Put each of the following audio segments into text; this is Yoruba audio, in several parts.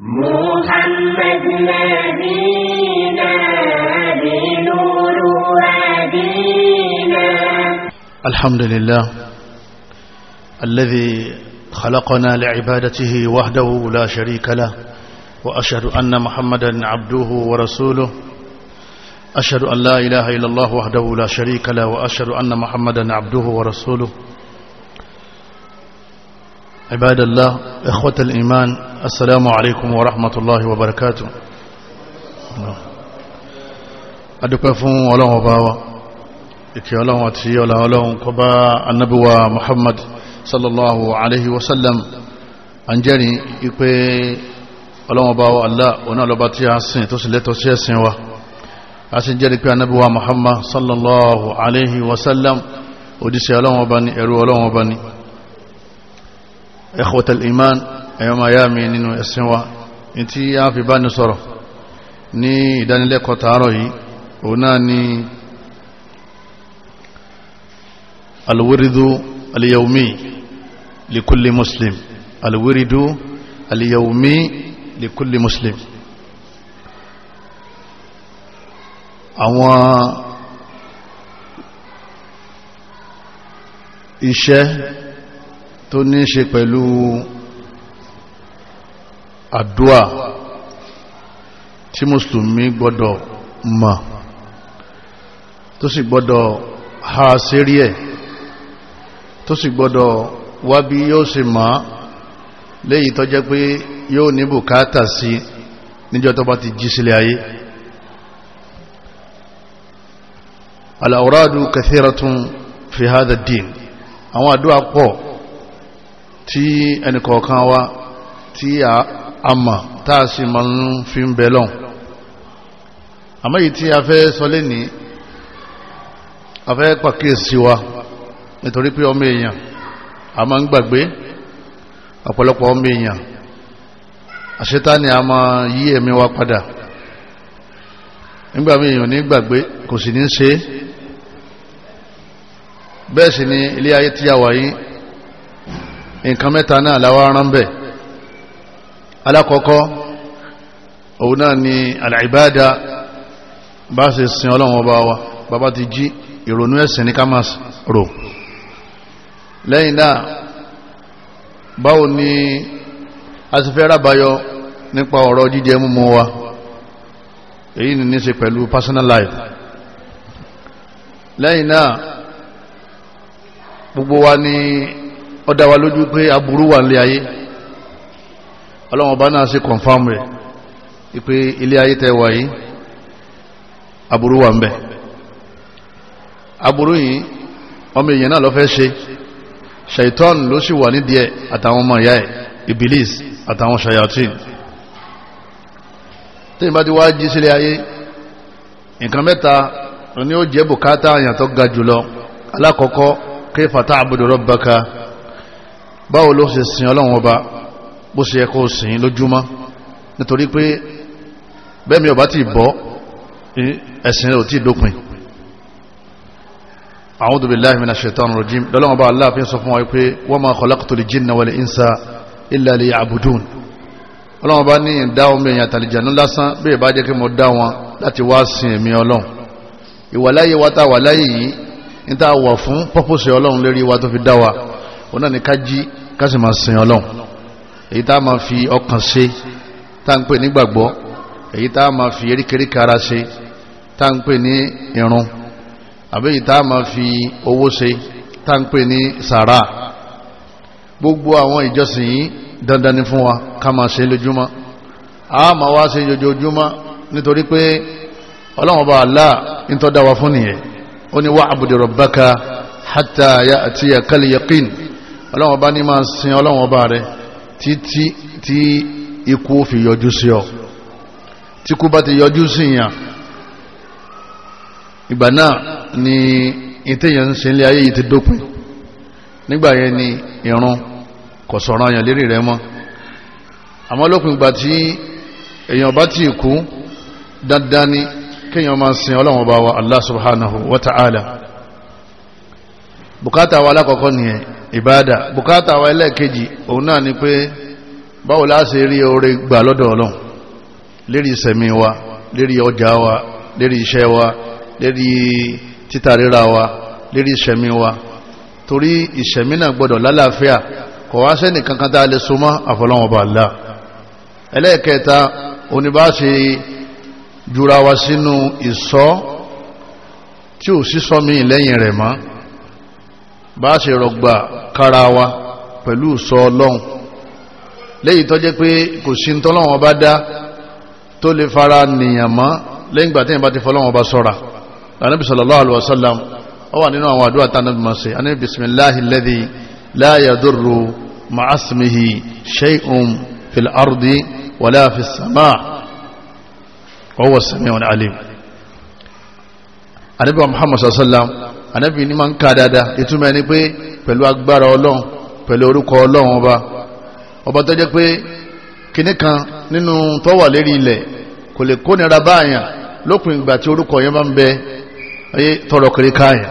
محمد نبينا بنور وادينا الحمد لله الذي خلقنا لعبادته وحده لا شريك له وأشهد أن محمدا عبده ورسوله أشهد أن لا إله إلا الله وحده لا شريك له وأشهد أن محمدا عبده ورسوله عباد الله إخوة الإيمان السلام عليكم ورحمة الله وبركاته أدوكم فون ولهم وباوا إكي ولهم وتي ولهم كبا النبوة محمد صلى الله عليه وسلم أنجاني إكي ولهم وباوا الله ونالباتي عسين تسلت وسيسين وه asìnjẹ́rì pé anábíwá muhammad sallallahu alaihi wasallam òdíṣẹ́ ọlọ́wọ́ bá ní ẹ̀rù ọlọ́wọ́ bá ní إخوة الإيمان أيما يامي نينو يسنوا إنتي يا في بان صرف ني داني لكو تاروي هنا الورد اليومي لكل مسلم الورد اليومي لكل مسلم أوا إيشه tó ní ṣe pẹ̀lú àdúà tí mùsùlùmí gbọ́dọ̀ mọ̀ tó sì gbọ́dọ̀ ha sérí ẹ̀ tó sì gbọ́dọ̀ wá bí yóò ṣe mọ̀ léyìí tó jẹ́ pé yóò ní bùkátà sí níjọ́ tó bá ti jí sílẹ̀ ayé al-awradu fi hadha ad àwọn àdúà pọ̀ tí ẹnìkọ̀ọ̀kan wa tí a mọ̀ tá a sì máa ń fi ń bẹ lọ́hùn àmọ́ yìí tí a fẹ́ sọ lẹ́ni a fẹ́ pàkíyèsí wa nítorí pé ọmọ èèyàn a máa ń gbàgbé ọ̀pọ̀lọpọ̀ ọmọ èèyàn àṣetáni a máa yí ẹ̀mí wa padà nígbà mí èèyàn ní gbàgbé kò sì ní ṣe bẹ́ẹ̀ sì ni ilé ayé tí a wà yìí nǹkan mẹ́ta náà làwọn aràn bẹ̀ alákọ̀ọ́kọ́ òun náà ni àlàìbáàdà bá ṣe sin ọlọ́run ọba wa bàbá ti jí ìrònú ẹ̀sìn ní kámas rò lẹ́yìn náà báwo ni a ti fẹ́ rábáyọ nípa ọ̀rọ̀ jíjẹ múmú wa èyí ni ní ṣe pẹ̀lú personal life lẹ́yìn náà gbogbo wa ni ó dá wa lójú pé aburú wà nílé ayé ọlọ́run ọba náà ṣe confam rẹ̀ ipe ilé ayé tẹ́ wà yìí aburú wà ń bẹ aburú yìí ọmọ èèyàn náà lọ fẹ́ ṣe shaitan ló sì wà nídìí ẹ̀ àtàwọn ọmọ ìyá ẹ̀ ibilis àtàwọn shayatin tí ìbá ti wá jí sílé ayé nǹkan mẹ́ta ni ó jẹ́ bùkátà àyàn tó ga jùlọ alákọ̀ọ́kọ́ kéfà ta'budu rabbaka báwo ló ṣe sin ọlọ́run ọba bó ṣe yẹ kó sin lójúmọ́ nítorí pé bẹ́ẹ̀mi ọba ti bọ́ ẹ̀sìn rẹ̀ ò tí dópin a'udhu billahi minash shaitanir rajim lọ́lọ́run ọba Allah fi sọ fún wa pé wa ma khalaqtul jinna wal insa illa liya'budun ọlọ́run ọba ní ìdá omi èèyàn àtàlìjànú lásán bí ìbá jẹ́ kí mo dá wọn láti wá sin èmi ọlọ́run ìwàláyé wa tá wà láyé yìí ní tá wà fún pọ́pọ́sì ọlọ́run lérí wa tó fi dá wa òun náà ni ká jí ká sì máa sin ọlọ́run èyí tá a máa fi ọkàn ṣe tá à ń pè nígbàgbọ́ èyí tá a máa fi eríkèéríkèé ara ṣe tá à ń pè ní irun àbí èyí tá a máa fi owó ṣe tá à ń pè ní sàrà gbogbo àwọn ìjọsìn yìí dandan ni fún wa ká máa ṣe lójúmọ́ a máa wá ṣe lójoojúmọ́ nítorí pé ọlọ́run ọba Allah ń tọ́ da wa fún nìyẹn ó ní wa'budu rabbaka hatta ya'tiyakal yaqin ọlọ́run ọba ní máa sin ọlọ́run ọba rẹ títí tí ikú fi yọjú sí ọ tí kú bá ti yọjú sí yàn ìgbà náà ni ìtẹ̀yàn ń sin ilé ayé yìí ti dópin nígbà yẹn ni ìrun kò sọ̀rọ̀ àyàn lérí rẹ mọ́ àmọ́ lópin ìgbà tí èèyàn bá ti kú dandan ni kéèyàn máa sin ọlọ́run ọba wa Allah subhanahu wa ta'ala. Bukata wa alákọ̀ọ́kọ́ ni ìbáadà Bukata wa ẹlẹ́ẹ̀kejì òun náà ni pé báwo la ṣe rí oore gbà lọ́dọ̀ ọlọ́run lérí ìsẹ̀mí wa lérí ọjà wa lérí iṣẹ́ wa lérí títà rírà wa lérí ìṣẹ̀mí wa torí ìṣẹ̀mí náà gbọ́dọ̀ lálàáfíà kò wá sẹ́nì kankan tá a lè súnmọ́ àfọlọ́wọn bá là ẹlẹ́ẹ̀kẹta oníbàṣe jura wa sínú ìsọ́ tí ò sí sọ́mi lẹ́yìn rẹ̀ mọ́ bá ṣe rọgbà kára wa pẹ̀lú sọ ọlọ́run léyìí tó jẹ́ pé kò sí ń tọ́lọ́wọ́n bá dá tó lè fara nìyàn mọ́ lẹ́yìn ìgbà téèyàn bá ti fọlọ́wọ́n bá sọ́ra lànà bisalòlá alùwàsálàm ó wà nínú àwọn àdúrà tánà bí máa ṣe àní bisimiláhi lẹ́dí láyàdúró màásìmìhì alim àníbà muhammad sallam ànábì ní máa ń ka dáadáa ìtumọ̀ ẹni pé pẹ̀lú agbára ọlọ́run pẹ̀lú orúkọ ọlọ́run ọba ọba tó jẹ́ pé kinní kan nínú tó wà lérí ilẹ̀ kò lè kó nira báyà lópin ìgbà tí orúkọ yẹn bá ń bẹ ayé tọrọ kiri káyà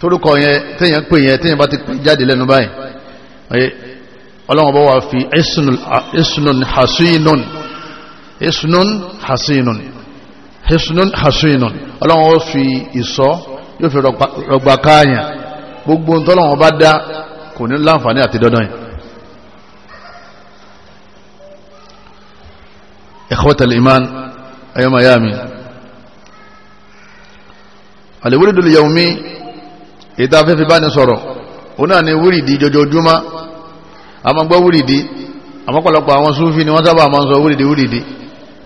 torúkọ yẹn téèyàn pè yẹn téèyàn bá ti jáde lẹ́nu báyìí ayé ọlọ́run ọba wà fi isnun hasinun isnun hasinun Hesunun hasinun ọlọ́run ó fi ìsọ́ yóò fi rọgbà káàyàn gbogbo ń tọ́lọ́run bá dá kò ní láǹfààní àti dandan yìí ikhwatal iman ayo mayami alìwúrídìí yaomi ìta afẹ́fẹ́ bá ní sọ̀rọ̀ òun náà ni wúrídìí jọjọjúmọ́ a máa gbọ́ wúrídìí àmọ́pọ̀lọpọ̀ àwọn súnfí ni wọ́n sábà máa ń sọ wúrídìí wúrídìí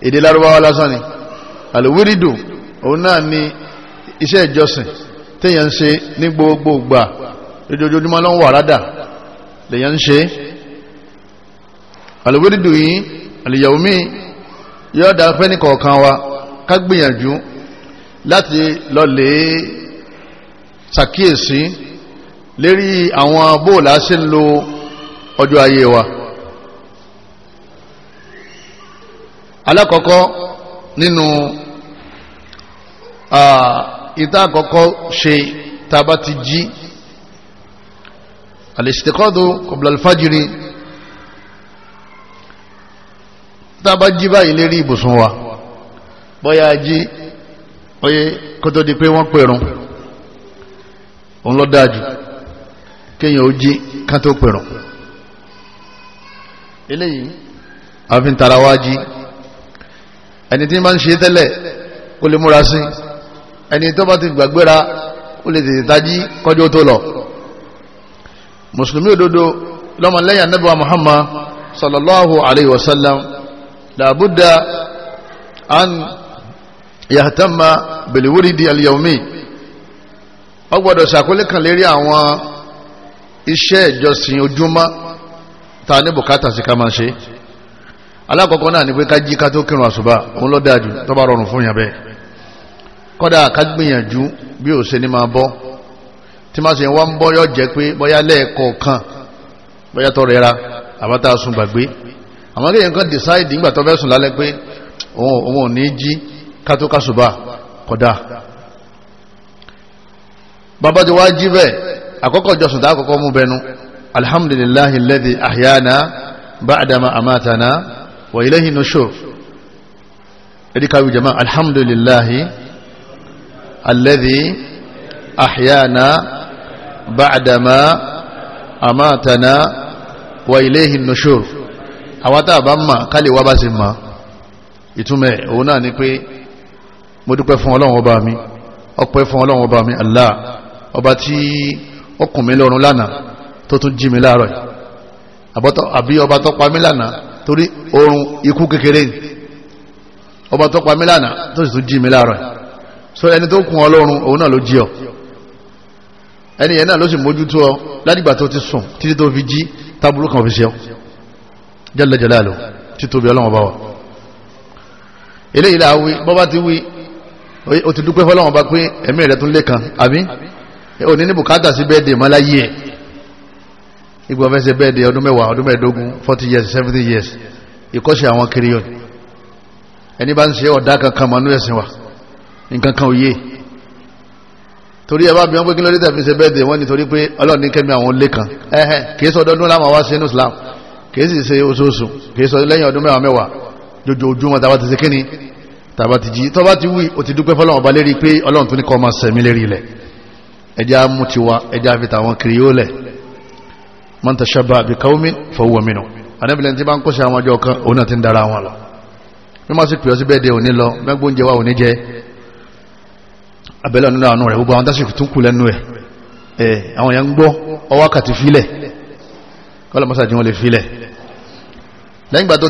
èdè lárúbáwá lásán ni àlùwírídù òun náà ni iṣẹ́ ìjọsìn téèyàn ń ṣe ní gbogbo gbà lójoojúmọ́ ló ń wà rádà lèyàn ń ṣe àlùwírídù yìí àlùyàwómi yóò dá fẹ́ni kọ̀ọ̀kan wa ká gbìyànjú láti lọ lè ṣàkíyèsí lérí àwọn bóòlà ṣe ń lo ọjọ́ ayé wa alákọ̀ọ́kọ́ nínú ìta àkọ́kọ́ ṣe tàbá ti jí al-istiqadu qabla al-fajri tàbá jí báyìí lérí ibùsùn wa bọ́yá jí oye kótó di pé wọ́n pèrún òun lọ dájú kéèyàn ó jí kán pèrún eléyìí àfihàn tara wá ẹni tí ń bá ń ṣe tẹ́lẹ̀ kó lè múra sí ẹni tó bá ti gbàgbéra ó lè tètè tají kọjọ́ tó lọ mùsùlùmí òdodo lọ́mọlẹ́yìn anábíwá muhammad sallallahu alayhi wa sallam làbúdà an yàtàmà bèlìwúrídìí al-yawmi ó gbọ́dọ̀ ṣàkólé kan lérí àwọn iṣẹ́ ìjọsìn ojúmọ́ ta ní bùkátà sí ká máa ṣe alákọ̀ọ́kọ́ náà ni pé ká jí ká tó kírun àṣùbá òun ló dájú tó bá rọrùn fún yàbẹ́ kọ́dà ká gbìyànjú bí ò yọ jẹ́ pé bóyá lẹ́ẹ̀kọ̀ọ̀kan bóyá àbátá gbàgbé kan decide nígbà tó fẹ́ sùn lálẹ́ pé òun ò ní jí ká tó kọ́dà bàbá ti wá jí bẹ́ẹ̀ àkọ́kọ́ tá àkọ́kọ́ mú bẹnu wa ilayhi nushur ẹ̀díkàwé jama alhamdulillahi alladhi ahyana ba'dama amatana wa ilayhi nushur àwọn tá a bá mọ̀ ká lè wá bá sí mọ̀ ìtumẹ̀ òun náà ni pé mo dúpẹ́ fún ọlọ́run mi ọpẹ́ fún ọlọ́run ọba mi Allah ọba tí ọkùnmí lọ́run lánàá tó tún jí mi láàárọ̀ àbí ọba tó pa mí lánàá torí oorun ikú kékeré ni ọba tó pa mí lánàá tó sì tún jí mi láàárọ̀ so ẹni tó kún ọ lọ́rùn òun náà ló jí ọ ẹni yẹn náà ló sì mójútó ọ ládìgbà tó ti sùn títí tó fi jí tábúrú kan fi ṣe ọ jalla jalalu títóbi ọlọ́wọ́n bá wa eléyìí là bọ́bá ti wí o ti dúpẹ́ fọlọ́wọ́n bá pé ẹ̀mí rẹ̀ tún lé kan àbí òní ní bùkátà sí bẹ́ẹ̀ dè mọ́ láyé ẹ̀ igbó ọfẹ́ ṣe bẹ́ẹ̀ di ọdún mẹ́wàá ọdún mẹ́ẹ̀ẹ́dógún forty years seventy years ìkọ́ṣe àwọn kiri yọ ẹni bá ń ṣe ọ̀dá kankan mọ́nú ẹ̀sìn wa nǹkan kan òye torí ẹ bá bí wọn pé kí lórí tẹ̀fí ṣe bẹ́ẹ̀ di wọ́n nítorí pé ọlọ́ọ̀ni kẹ́mi àwọn lé kan ẹ̀hẹ́ kì í sọ ọdọọdún láwọn wá sí inú Islam kì sì ṣe oṣooṣù kì sọ lẹ́yìn ọdún mẹ́wàá mẹ́wàá jojoojúmọ́ tàbá ti ṣe kíni tàbá ti jí tọ́ba ti wí o ti dúpẹ́ fọlọ́run ọba lérí pé ọlọ́run tún ní kọ́ ọmọ sẹ̀mí lérí ilẹ̀ ẹja mú tiwa ẹja fi tàwọn kiri yóò lẹ̀ man tashabba bi qaumin fahuwa minhum anábìlẹ̀ tí bá ń kó sí àwọn ọjọ́ kan òun náà ti ń dára wọn lọ bí wọ́n sì pè ọ́ sí bẹ́ẹ̀ de òní lọ mẹ́gbó oúnjẹ wa òní jẹ abẹ́lẹ̀ nínú àánú rẹ̀ gbogbo àwọn tásìkò tún kù lẹ́nu ẹ̀ ẹ̀ àwọn yẹn ń gbọ́ ọwọ́ kàti filẹ̀ kọ́lọ̀ mọ́sá jí wọ́n lè filẹ̀ lẹ́yìn gbà tó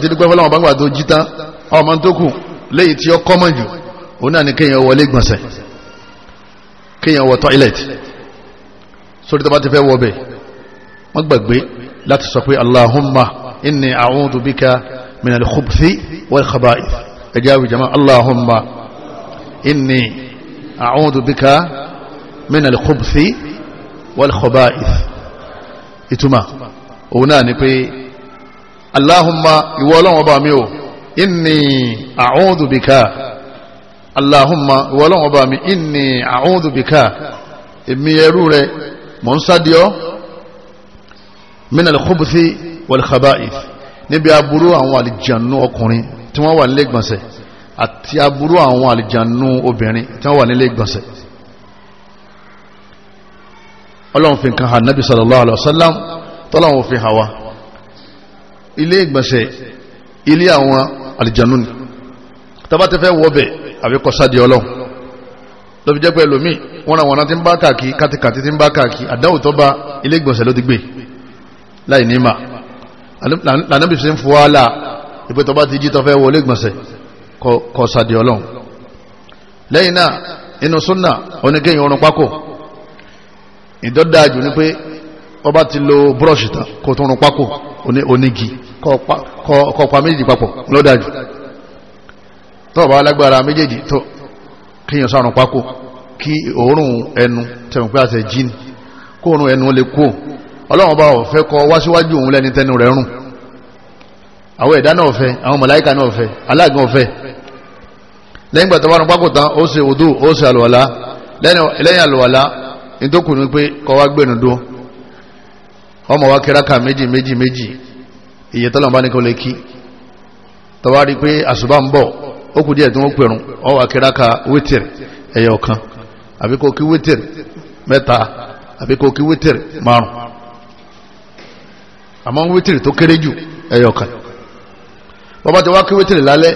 bá ti fẹ́ wọ bẹ́ẹ̀ wọ́n gbàgbé láti sọ pé Allahumma inni a'udhu bika min al-khubuthi wal khaba'ith ẹjẹ́ àwọn ìjàmá Allahumma inni a'udhu bika min al-khubuthi wal khaba'ith ìtumá òun náà ni pé Allahumma ìwọ ọlọ́wọ́ bá mi o inni a'udhu bika Allahumma ìwọ ọlọ́wọ́ bá mi inni a'udhu bika èmi ẹrú rẹ mọ̀ ń sádìọ́ minal khubuthi wal khaba'ith níbi aburú àwọn àlìjànú ọkùnrin tí wọ́n wà nílé gbọ̀nsẹ̀ àti aburú àwọn àlìjànú obìnrin tí wọ́n wà nílé gbọ̀nsẹ̀ ọlọ́run fi nǹkan hàn nábi sallallahu alaihi wasallam tọ́lọ́run fi hàn wá ilé ìgbọ̀nsẹ̀ ilé àwọn àlìjànú ni tabatẹ́fẹ́ wọ́bẹ̀ àbíkọ́sádi ọlọ́run lọ́bi jẹ́ pẹ́ lómi wọ́n ra wọn náà ti ń bá kàkí kátikàtí ti ń bá kàkí àdáwò tó bá ilé ìgbọ̀nsẹ̀ ló ti gbé láì ní mà lànàbì sí ń fún wa là ìpè tó bá ti jí tó fẹ́ wọlé gbọ̀nsẹ̀ kọ sàdé ọlọ́run lẹ́yìn náà inú súnà oníkéyìn orun pákó ìdọ́dájú ni pé wọ́n bá ti lo búrọ̀ṣì tán kó tó run pákó onígi kọ pa méjì papọ̀ lọ́dájú tó bá lágbára méjèèjì tó kíyàn sárun pákó kí òórùn ẹnu tẹ̀wọ̀n pé àtẹ̀ jíni kóòrùn ẹnu lè kó ọlọ́run bá ọ̀fẹ́ kọ wá síwájú òun lẹ́ni tẹnu rẹ̀ rùn àwọn ẹ̀dá náà ọ̀fẹ́ àwọn màláíkà náà ọ̀fẹ́ aláàgbọ̀n ọ̀fẹ́ lẹ́yìn gbàtà bá rún pákó tán ó ṣe òdú ó ṣe àlùwàlá lẹ́yìn àlùwàlá nítòkù pé kọ́ wá ọmọ wa méjì méjì méjì tọ́lọ́mọba ní kò lè kí tọ́wá rí pé àṣùbà ń bọ̀ ó kù díẹ̀ ọ àmọ́ wítìrì tó kéré jù ẹyọkàn bọ́bá ti wá kí wítìrì lálẹ́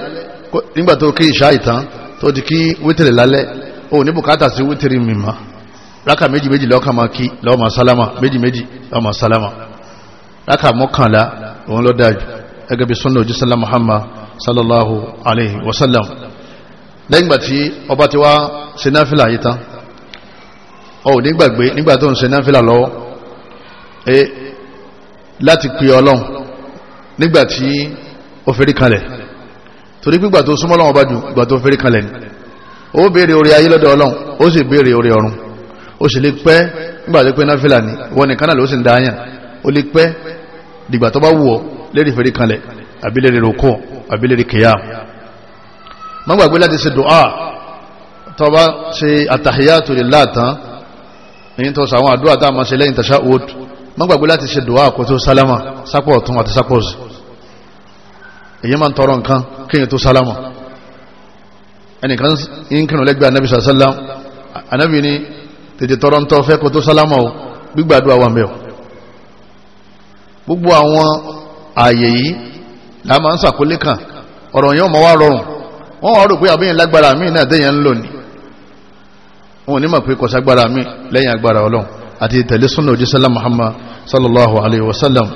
nígbà tó kí ìṣá ìtàn tó di kí wítìrì lálẹ́ ó ní bùkátà sí wítìrì mímọ́ rákà méjì méjì lọ́kàn máa kí lọ́mọ sálámà méjì méjì lọ́mọ sálámà rákà mọ́kànlá òun ló dájú gẹ́gẹ́ bí sunna òjísàlá Muhammad sallallahu alayhi wa sallam lẹ́yìn tí ọba ti wá ṣe náfìlà yìí láti pè ọlọ́run nígbà tí ó fẹ́rí kalẹ̀ torí pígbà tó súnmọ́ ọlọ́run ọba jù gbà tó fẹ́rí kalẹ̀ ni ó béèrè orí ayé lọ́dọ̀ ọlọ́run ó sì béèrè orí ọ̀run ó sì lè pẹ́ nígbà tó pẹ́ náfìlà ni wọn nìkan náà ló sì ń da yàn ó lè pẹ́ dìgbà tó bá wù ọ́ lérí fẹ́rí kalẹ̀ àbí lérí roko àbí lérí kìyàm má gbàgbé láti ṣe dùá tó bá ṣe àtàhíyà tó lè láàtàn èyí tó sàwọn àdúrà tá a máa ṣe lẹ́yìn tàṣà òòtù má gbàgbé láti ṣe dùwà kó tó sálámà sápò ọ̀tún àti sápò òsì èyí máa ń tọrọ nǹkan kéèyàn tó sálámà ẹnìkan ń kírun lẹ́gbẹ̀ẹ́ anabi sàlám anabi ni tètè tọrọ ń tọ́ fẹ́ kó tó sálámà o gbígbàdúrà wà mẹ́ọ̀ gbogbo àwọn ààyè yìí la máa ń sàkólé kan ọ̀rọ̀ yẹn ọmọ wa rọrùn wọ́n wá rò pé àbíyàn lágbára míì náà déyẹn ń lò ní wọn ò ní mọ̀ pé kọ̀ságbára àti tẹ̀lé súnà òjísẹ́lá Muhammad sallallahu alayhi wa sallam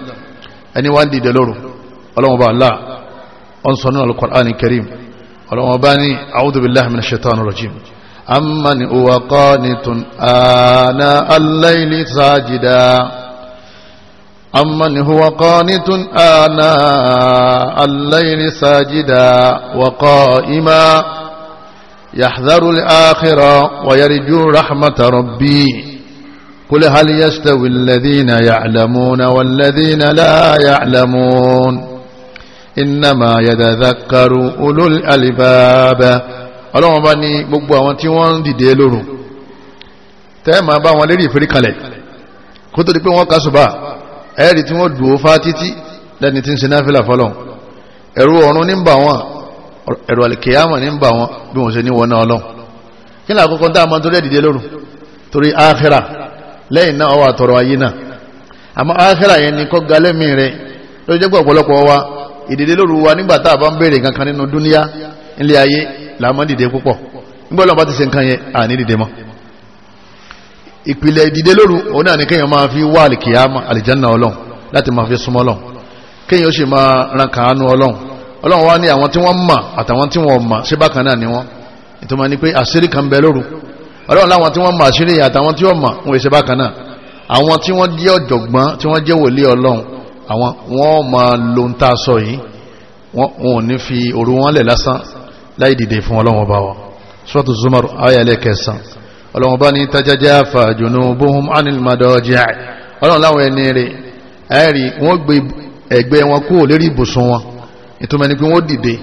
ẹni wá ń dìde lóru ọlọ́wọ́ba Allah ọ̀n sọ nínú al-Qur'an karim ọlọ́wọ́ba ní a'udhu billahi minash shaitani rajim amman huwa qanitun ana al-layli sajida أمن هو قانت آناء الليل ساجدا وقائما يحذر الآخرة ويرجو رحمة ربي قل هل يستوي الذين يعلمون والذين لا يعلمون إنما يتذكر أولو الألباب ọlọ́wọ́n bá ní gbogbo àwọn tí wọ́n ń dìde lóru tẹ́ẹ̀mà bá wọn lérí ìforíkalẹ̀ kó tó di pé wọ́n kásùbà ẹ̀rì tí wọ́n dùn ó fá títí lẹ́ni tí ń ṣe náfìlà fọ́lọ̀ ẹ̀rù ọ̀run ní ń bà wọ́n ẹ̀rù àlìkèyàmọ̀ ní ń bà wọ́n bí wọ́n ṣe ní wọ́n náà ọlọ́run kí ni àkọ́kọ́ tá a máa torí ẹ̀ dìde lóru torí áhírà lẹ́yìn náà ọwọ́ àtọ̀rọ̀ ayé náà àmọ́ áhẹ́rà yẹn ni kọ́ galẹ́mì rẹ̀ ló jẹ́ pọ̀ ọ̀pọ̀lọpọ̀ wa ìdìde lóru wa nígbà tá a bá ń béèrè kankan nínú dúníyà ilé ayé làmọ́ dìde púpọ̀ nígbà lọ́nà bá ti ṣe nǹkan yẹn à ní dìde mọ́ ìpìlẹ̀ ìdìde lóru òun náà ni kéèyàn máa fi wá àlìkìyàmà àlìjánà ọlọ́run láti máa fi súnmọ́ ọlọ́run kéèyàn ó sì máa ran kàánú ọlọ́run ọlọ́run wá ní àwọn tí wọ́n mọ̀ àtàwọn tí wọ́n mọ̀ ṣé bákan náà ni wọ́n ìtumọ̀ ni pé àṣírí kan bẹ lóru ọlọ́run láwọn tí wọ́n mọ̀ àṣírí àtàwọn tí wọ́n mọ̀ wọn èsè bákan náà àwọn tí wọ́n jẹ́ ọ̀jọ̀gbọ́n tí wọ́n jẹ́ wòlíì ọlọ́run àwọn wọ́n máa lo ń tà sọ yìí wọn ò ní fi òru wọn lẹ̀ lásán láì dìde fún ọlọ́run ọba wa suratu zumar aya lẹ́kẹsàn ọlọ́run ọba ní tajajafa junubuhum anil madaji'a ọlọ́run láwọn ẹni rẹ̀ ẹ̀rí wọ́n gbé ẹ̀gbẹ́ wọn kúrò lérí ibùsùn wọn ìtumọ̀ ni pé wọ́n dìde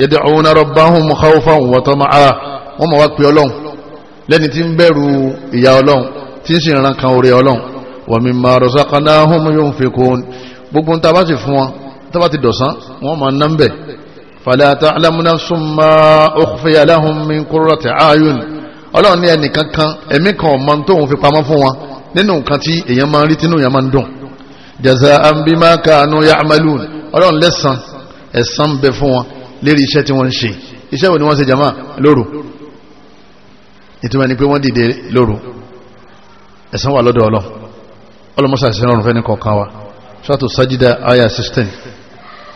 yad'una rabbahum khawfan wa tama'a wọ́n máa wá pe ọlọ́run lẹ́ni tí ń bẹ̀rù ìyá ọlọ́run tí ń sì ran kan orí ọlọ́run wa mimma razaqnahum yunfiqun gbogbo ta bá ti fún wọn ta bá ti dọ̀sán wọn máa ná ń bẹ̀ fala ta'lamu nafsun ma ukhfiya lahum min qurrati a'yun ọlọ́run ní ẹnì kankan ẹ̀mí kan ọ̀mọ tóun fi pamọ́ fún wọn nínú nǹkan tí èèyàn máa ń rí tínú èèyàn máa ń dùn jaza'an bima kanu ya'malun ọlọ́run lẹ́sàn ẹ̀san bẹ fún wọn lérí iṣẹ́ tí wọ́n ń ṣe iṣẹ́ wo ni wọ́n ṣe jama lóru ìtumọ̀ ni pé wọ́n dìde lóru ẹ̀san wà lọ́dọ̀ ọlọ́ ọlọ́mọṣà sí ọrùn fẹ́ni kọ̀ọ̀kan wa ṣọ́tò sájídà aya 16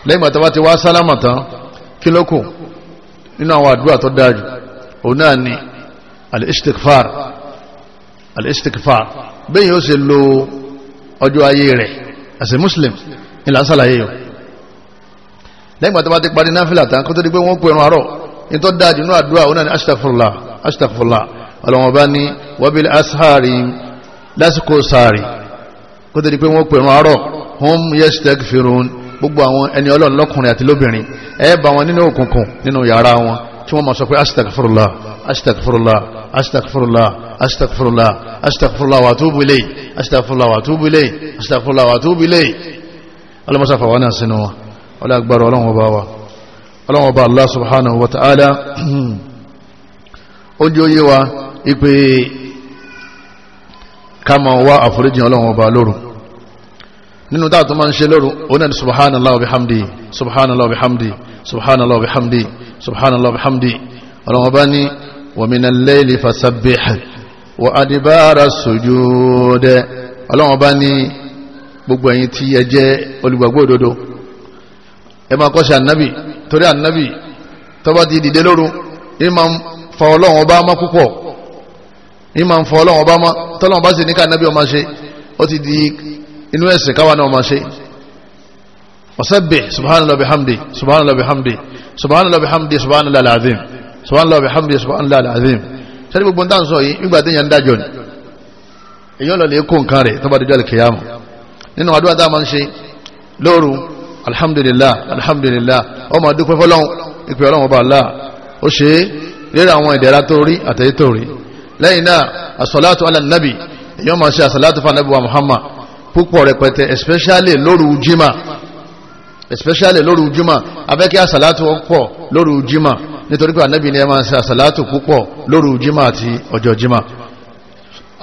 lẹ́yìn àtàwà ti wá sálámà tán kí ló kù nínú àwọn àdúrà tó dájú òun náà ni al-istighfar al-istighfar bẹ́ẹ̀ yóò ṣe lo ọjọ́ ayé rẹ̀ as a muslim ní lásàlàyé yóò lẹ́yìn àtàwà ti parí náfìlà tán kó tó di pé wọ́n pẹ̀rún àárọ̀ ní tó dájú nínú àdúrà òun náà ni astaghfirullah astaghfirullah ọlọ́wọ́n bá ní wabil ashari lásìkò sàárì kó tó di pé wọ́n pèrún àárọ̀ hum yastaghfirun gbogbo àwọn ẹni ọlọ́run lọ́kùnrin àti lóbìnrin ẹ bá wọn nínú òkùnkùn nínú yàrá wọn tí wọ́n máa sọ pé astagfirullah astagfirullah astagfirullah astagfirullah astagfirullah wa tubu ilayhi astagfirullah wa tubu ilayhi astagfirullah wa tubu ilayhi ọlọ́mọsá fàwọn náà sínú wọn ọlọ́gbàrọ̀ ọlọ́run ọba wa ọlọ́run ọba allah subhanahu wa ta'ala ó jẹ́ wa ipe ká máa wá àforíjì ọlọ́run ọba lóru nínú táà tó máa ń ṣe lóru ó náà ní subhanallah wa bihamdi subhanallah wa bihamdi subhanallah wa bihamdi subhanallah wa bihamdi ọlọ́run ọba ní wa minal layli wa adibara sujud ọlọ́run ọba ní gbogbo ẹ̀yin tí ẹ jẹ́ olùgbàgbọ́ òdodo ẹ máa kọ́ṣe ànábì torí ànábì tó ti dìde lóru ẹ máa fa ọlọ́run ọba má púpọ̀ ìmọ̀ nfọ ọlọ́wọ́n bá mọ́ tọ́lọ́wọ́n bá sì ní ká nábì ọmọ ṣe ó ti di inú ẹ̀sìn káwa náà ọmọ ṣe wasabbih subhanallah bihamdi subhanallah bihamdi subhanallah bihamdi subhanallah alazim subhanallah bihamdi subhanallah alazim sẹ́ni gbogbo ń dáhùn sọ yìí nígbà tí yẹn ń dájọ́ ni èyàn lọ lè kó nǹkan rẹ̀ tó bá dé jọ́lẹ̀ kìyàmù nínú àdúrà tá a máa ń ṣe lóru alhamdulillah alhamdulillah ọmọ adúpẹ́ fọlọ́hún ìpè ọlọ́hún ọba Allah ó ṣe é rírà àwọn ìdẹ̀ra tó rí àtẹ̀yẹ́ tó rí lẹ́yìn náà asọ́látù alànàbì èyàn máa ṣe asọ́látù fanẹ́bùwà Muhammad púpọ̀ rẹpẹtẹ especially lóru ujima especially lóru ujima abẹ́kẹ́ asọ́látù pọ̀ lóru jimá nítorí pé anẹ́bì ni ẹ máa ṣe asọ́látù púpọ̀ lóru jimá àti ọjọ́ jimá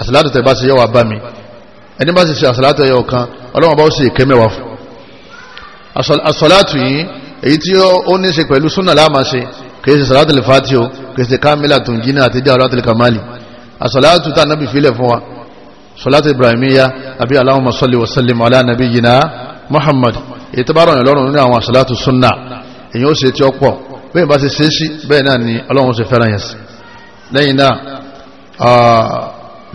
asọ́látù tẹ̀ bá ṣe yọ wà bá mi ẹni bá sì ṣe asọ́látù ẹyọ kan ọlọ́wọ́n bá ó sì ké mẹ́wàá fún asọ́látù yìí èyí tí ó ní ṣe pẹ̀lú súnà láàmà ṣe kìí ṣe sàlátù lè kìí ṣe kámílà tòǹjì náà àti jáwọ́ látìlẹ̀ kàmálì àsàlátù tá nábì filẹ̀ fún wa sọlátù ibrahimiya àbí allahumma salli wa sallim ala nabiyyina muhammad èyí tó bá rọrùn lọ́rùn nínú àwọn àsàlátù sunna èyí ó ṣe tí ó pọ̀ bẹ́ẹ̀ bá ṣe ṣe sí bẹ́ẹ̀ náà ni ọlọ́run ṣe fẹ́ràn yẹn sí lẹ́yìn náà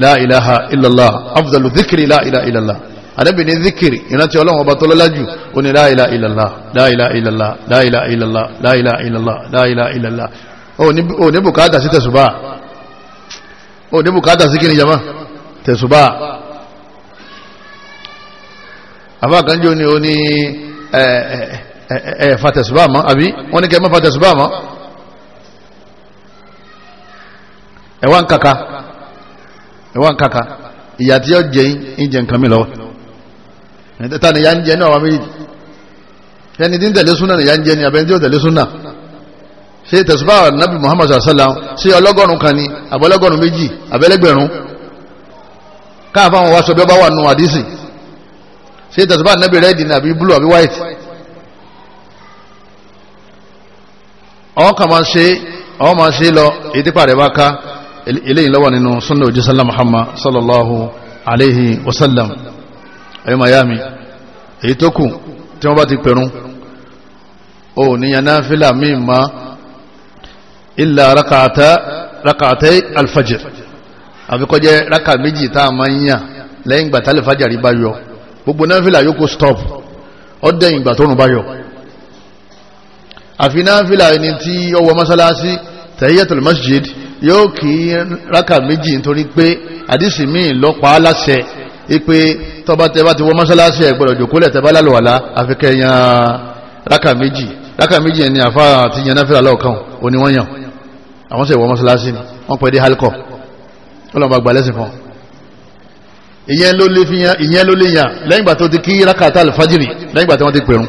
la ilaha illallah afdalu dhikri la ilaha illallah ànábì ní dhikri ìrántí ọlọ́run ọba tó lọ́lájú ó ní la ilaha illallah la ilaha illallah la ilaha illallah la ilaha illallah la ilaha illallah ó ní bùkátà sí tẹ̀sùbá ó ní bùkátà sí kí ni jama tẹ̀sùbá àfáàkánjọ́ ni ó ní ẹ̀ fa tẹ̀sùbá mọ́ àbí wọ́n ní kẹ́ mọ́ fa tẹ̀sùbá mọ́ ẹ̀wà ń kàkà ẹ̀wà ń kàkà ìyà tí ó jẹ́ ìjẹ nǹkan mi lọ́wọ́ ẹ̀tẹ́ta ni ya ń jẹ ní àwọn méjì ẹni tí ń tẹ̀lé súnà ni ya ń jẹ ní abẹ́ntí ó tẹ̀lé súnà ṣe tẹ̀síbà nabi muhammad sallam ṣe ọlọ́gọ́rùn kan ni àbọ̀lọ́gọ́rùn méjì àbẹ́lẹ́gbẹ̀rún káàfà wọn wá sọ bí ọba wà nù àdísì ṣe tẹ̀síbà nabi rẹ́ẹ̀dì ni àbí blue àbí white àwọn kan máa ṣe àwọn máa ṣe lọ ètípà rẹ̀ bá ká eléyìí lọ́wọ́ nínú sunna ojú sallam muhammad sallallahu alayhi wa sallam ayé miami èyí tó kù tí wọ́n bá ti pẹ̀rún ò níyànnáfílà míì máa illa rakata rakata alfajir àfikọ́ jẹ́ raka méjì tá a máa ń yàn lẹ́yìn ìgbà tálẹ̀ fàjàrí bá yọ gbogbo náfìlà yókù stop ọdẹ ìgbà tó rùn bá yọ àfi náfìlà ẹni tí ó wọ mọ́sálásí tẹ̀yẹ́tọ̀lù masjid yóò kí raka méjì nítorí pé àdìsí míì lọ́pàá aláṣẹ ipe tọba tẹ bá ti wọ mọ́sálásí ẹ gbọ́dọ̀ jòkólẹ̀ tẹ bá lálùwàlá àfikẹ́ yan raka méjì raka méjì ẹni àfa àti yan náfìlà lọ́ọ̀kan òní wọ́n yàn àwọn sì wọ́n mọ́sálásí ni wọ́n pẹ̀lú halkọ́ ọlọ́mọ àgbà lẹ́sìn fún ìyẹn ló lè fi yan ìyẹn ló lè yan lẹ́yìn ìgbà tó ti kí rákàtà alfajiri lẹ́yìn ìgbà tí wọ́n ti pẹ̀rún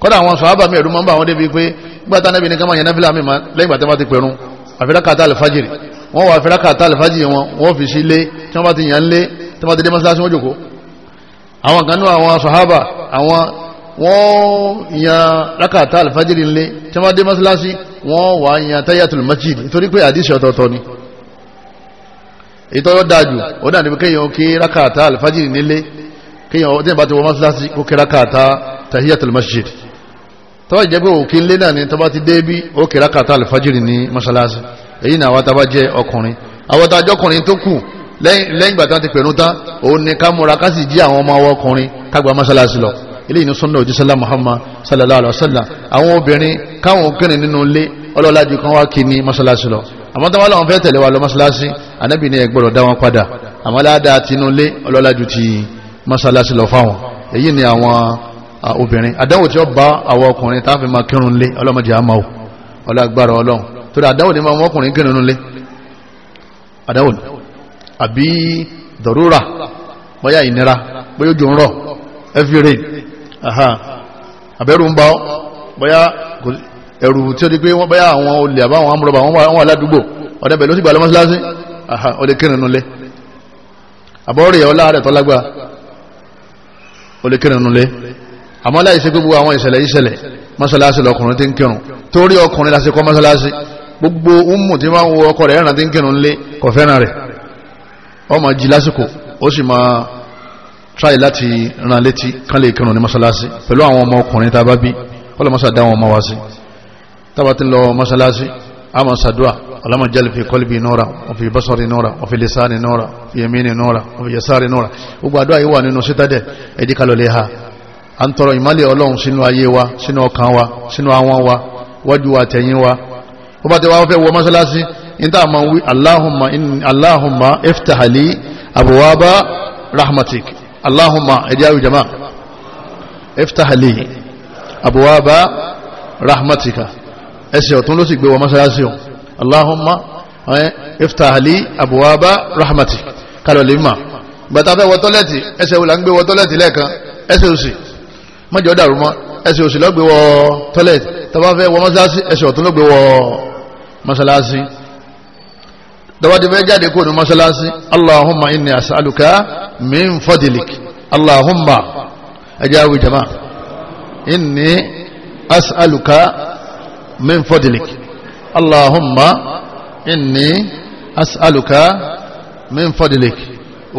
kọ́dà àwọn sọ̀hábà mi ẹ̀rú máa ń bá àwọn débi pé nígbà tá nẹ́bi ní ká máa yan náfìlà mi máa lẹ́yìn ìgbà tí wọ́n ti pẹ̀rún àfi kan wọ́n yan rákàtà alfajiri nlé tí wọ́n dé mọ́síláṣí wọ́n wà yan tayatul masjid nítorí pé àdíṣẹ́ ọ̀tọ̀ọ̀tọ̀ ni ìtọ́jọ́ dájú ó dà níbi kéèyàn kí rákàtà alfajiri nílé kéèyàn ó dẹ́nbà ti wọ́n mọ́síláṣí kó kí rákàtà tahiyatul masjid tọ́wọ́ ìjẹ́ pé òkè ńlé náà ni tọ́ba ti dé bí ó kí rákàtà alfajiri ní mọ́síláṣí èyí náà àwọn tábà jẹ́ ọkùnrin àwọn tájọ́kùnrin tó kù lẹ́yìn ìgbà tí ti pẹ̀rún tán òun ni ká múra ká sì jí àwọn ọmọ ọkùnrin ká gba mọ́síláṣí lọ eléyìí ní sunna òjísọ́lá muhammad sallallahu alaihi wasallam àwọn obìnrin káwọn kẹrin nínú ilé ọlọ́lá ju kan wá kí ní mọ́ṣáláṣí lọ àmọ́ tó wá láwọn fẹ́ tẹ̀lé wa lọ mọ́ṣáláṣí anábì ní ẹgbọ́rọ̀ dá wọn padà àmọ́ ládàá ti inú ilé ọlọ́lá ju ti mọ́ṣáláṣí lọ fáwọn èyí ni àwọn obìnrin àdánwò tí ó bá àwọn ọkùnrin táàfin máa kírun ilé ọlọ́mọdé àmọ́ ọlọ́gbàrọ̀ ọlọ́run torí àdánwò ni máa mọ́ ọkùnrin kírun ilé àdánwò àbí dọ̀rúra bóyá ìnira bóyá ojú ń rọ̀ every rain àbẹ̀rù ń bá ọ́ bóyá ẹ̀rù tí ó di pé bóyá àwọn olè àbáwọn amúrọ̀bà wọn wà ládùúgbò ọ̀dẹ́bẹ̀ ló sì gbà lọ́mọ́síláṣí olè kírun nulẹ̀ àbọ̀rẹ̀ ọlá rẹ̀ tọ́lágbà olè kírun nulẹ̀ àmọ́ láì ṣe gbogbo àwọn ìṣẹ̀lẹ̀ ìṣẹ̀lẹ̀ mọ́sálásí lọkùnrin tí ń kírun torí ọkùnrin láti kọ́ mọ́sálásí ó sì try láti ran létí kán lè kírun ní mọ́sálásí pẹ̀lú àwọn ọmọ ọkùnrin tá a bá bí ọlọ́mọsá dá wọn ọmọ wá sí tábà ti lọ mọ́sálásí àmọ́ sàdúà ọlọ́mọ jẹ́lì fi kọ́lìbì nọ́ra wọ́n fi bọ́sọ̀rì nọ́ra wọ́n fi lẹ́sàrì nọ́ra fi yẹmínì nọ́ra wọ́n fi yẹsàrì nọ́ra gbogbo àdúrà yìí wà nínú sítádẹ̀ ẹ̀dí kalọ̀ lè ha à ń tọrọ ìmálẹ̀ ọlọ́run sínú ayé wa sínú ọkàn wa sínú àwọn wa wájú wa tẹ̀yìn wa wọ́n bá ti wá fẹ́ wọ mọ́sálásí níta àmọ́ wí Allahumma Allahumma iftahali abuwaba rahmatik Allahumma ẹ̀dí àwọn jama iftahali abuwaba rahmatika ẹsẹ̀ ọ̀tún ló sì gbé wọn mọ́sálásí wọn Allahumma iftahali abuwaba rahmatika kálọ̀ lè mà bàtà fẹ́ wọ tọ́lẹ̀tì ẹsẹ̀ wò là ń gbé wọ tọ́lẹ̀tì lẹ́ẹ̀kan ẹsẹ̀ òsì mọ́jọ́ dàrú mọ́ ẹsẹ̀ òsì lọ́gbé wọ tọ́lẹ̀tì tọ́ba fẹ́ wọ mọ́sálásí ẹsẹ̀ ọ̀tún ló gbé wọ mọ́sálásí dawadi fẹ́ jáde kó ní mọ́ṣáláṣí allahumma inni as'aluka min fadlik allahumma ẹjẹ́ awi jama inni as'aluka min fadlik allahumma inni as'aluka min fadlik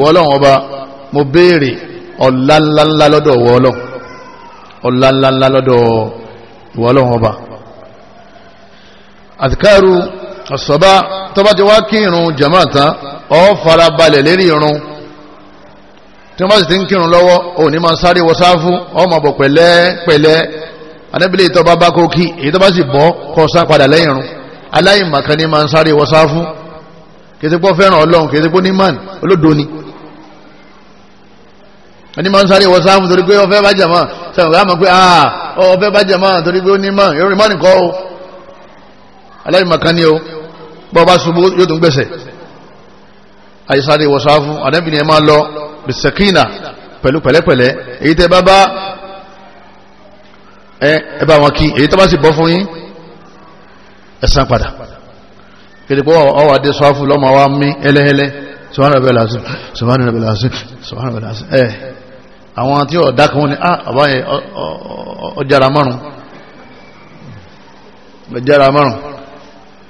wọ́lọ́n ọba mo béèrè ọ̀lànlánlá lọ́dọ̀ wọ́lọ́n ọ̀lànlánlá lọ́dọ̀ wọ́lọ́n ọba àtikáàrù àṣọba tó bá ti wá kí irun jama tán ọ fara balẹ̀ lérí irun tí wọ́n bá sì ti ń kírun lọ́wọ́ ò ní máa sáré wọ sáfù ọ máa bọ̀ pẹ̀lẹ́ pẹ̀lẹ́ anábìlẹ̀ ìtọ́ bá bá kó kí èyí tó bá sì bọ́ kọ́ sá padà lẹ́yìn irun aláìmọ̀kan ní máa sáré wọ sáfù kìtìpọ̀ fẹ́ràn ọlọ́run kìtìpọ̀ ní man olódo ni ẹni máa sáré wọ torí pé ó fẹ́ bá jàmá sẹ́wọ̀n bá mọ̀ pé ah, ó fẹ́ bá jàmá torí pé ó ní man yorùbá nìkan o aláìmọ̀kan ni o bọ́ bá ṣubú yóò tún gbẹ̀sẹ̀ àyíṣàdé wọ̀ṣáfù àdẹ́bìnrin ẹ̀ máa lọ bisikina pẹ̀lú pẹ̀lẹ́pẹ̀lẹ́ èyí tẹ́ bá bá ẹ bá wọn kí èyí tẹ́ bá sì bọ́ fún yín ẹ̀sán padà kìdìpọ̀ ọwọ́ adé sọ́fù lọ́mọ wa mí ẹlẹ́ẹ̀lẹ́ sọ́hánà bẹ̀rẹ̀ lásì bẹ̀rẹ̀ lásì àwọn tí ó dákun ní àbáyé ọjàrà márùn-ún ọjàrà márùn-ún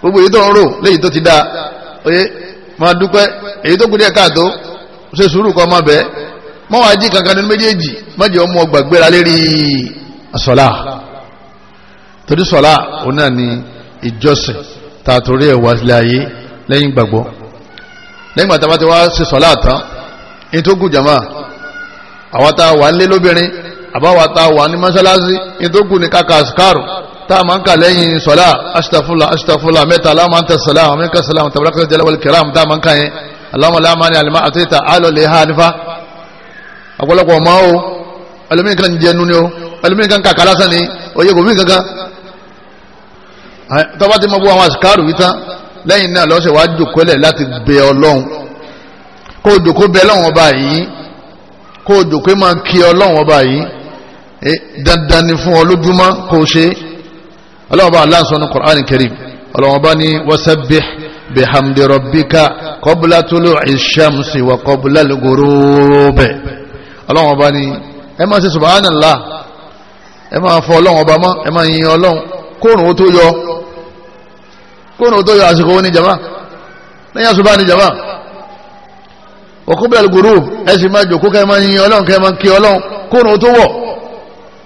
gbogbo èyí tó ń rò léyìí tó ti dáa oyé máa dúpẹ́ èyí tó kù díẹ̀ káàtó ṣe sùúrù kọ́ máa bẹ́ẹ̀ mọ́ wàá jí kankan nínú méjèèjì mọ́jì ọmọ gbàgbéra lérí àsọ̀lá torí sọ̀lá òun náà ni ìjọsìn tá a torí ẹ̀ wá sílẹ̀ ayé lẹ́yìn gbàgbọ́ lẹ́yìn gbàtà bá ti wá ṣe sọ̀lá tán ní tó kù jàmá àwa tá a wà ń lé lóbìnrin àbáwa tá a wà ní mọ́ṣáláṣí ní tó kù ní káka tá a máa ń kà lẹ́yìn sọ́lá astaghfirullah astaghfirullah mẹ́ta aláma ń tẹ sọ́lá àwọn mẹ́ka sọ́lá àwọn tabaraka jalla wal kiram tá a máa ń kà yẹn aláma aláma ni alimá àti ìta alọ́ lè ha nífa ọ̀pọ̀lọpọ̀ ọmọ o ẹlòmíì kan jẹnu ni o ẹlòmíì kan kàkà lásán ni oyè kò mí kankan tọ́ba ti mọ bó àwọn àsìkárù yìí tán lẹ́yìn náà lọ́sẹ̀ wàá jòkólẹ̀ láti bẹ ọlọ́run kó o jòkó bẹ ọlọ́run ọba yìí kó o jòkó máa kí ọlọ́run ọba yìí dandan ni fún ọ lójúmọ́ kó o ṣe ọlọ́wọ́n bá aláǹsọ ní Qur'an Karim ọlọ́wọ́n bá ní wasabbih bihamdi rabbika qabla tulu'i shamsi wa qabla al-ghurub ọlọ́wọ́n bá ní ẹ máa ṣe subhanallah ẹ máa fọ ọlọ́wọ́n bá mọ́ ẹ máa yin ọlọ́wọ́n kóòrùn ó tó yọ kóòrùn ó tó yọ àsìkò ó ní jama lẹ́yìn àṣùbá ní jama wa qabla al-ghurub ẹ sì máa jòkó kẹ́ máa yin ọlọ́wọ́n kẹ́ máa kí ọlọ́wọ́n kóòrùn ó tó wọ̀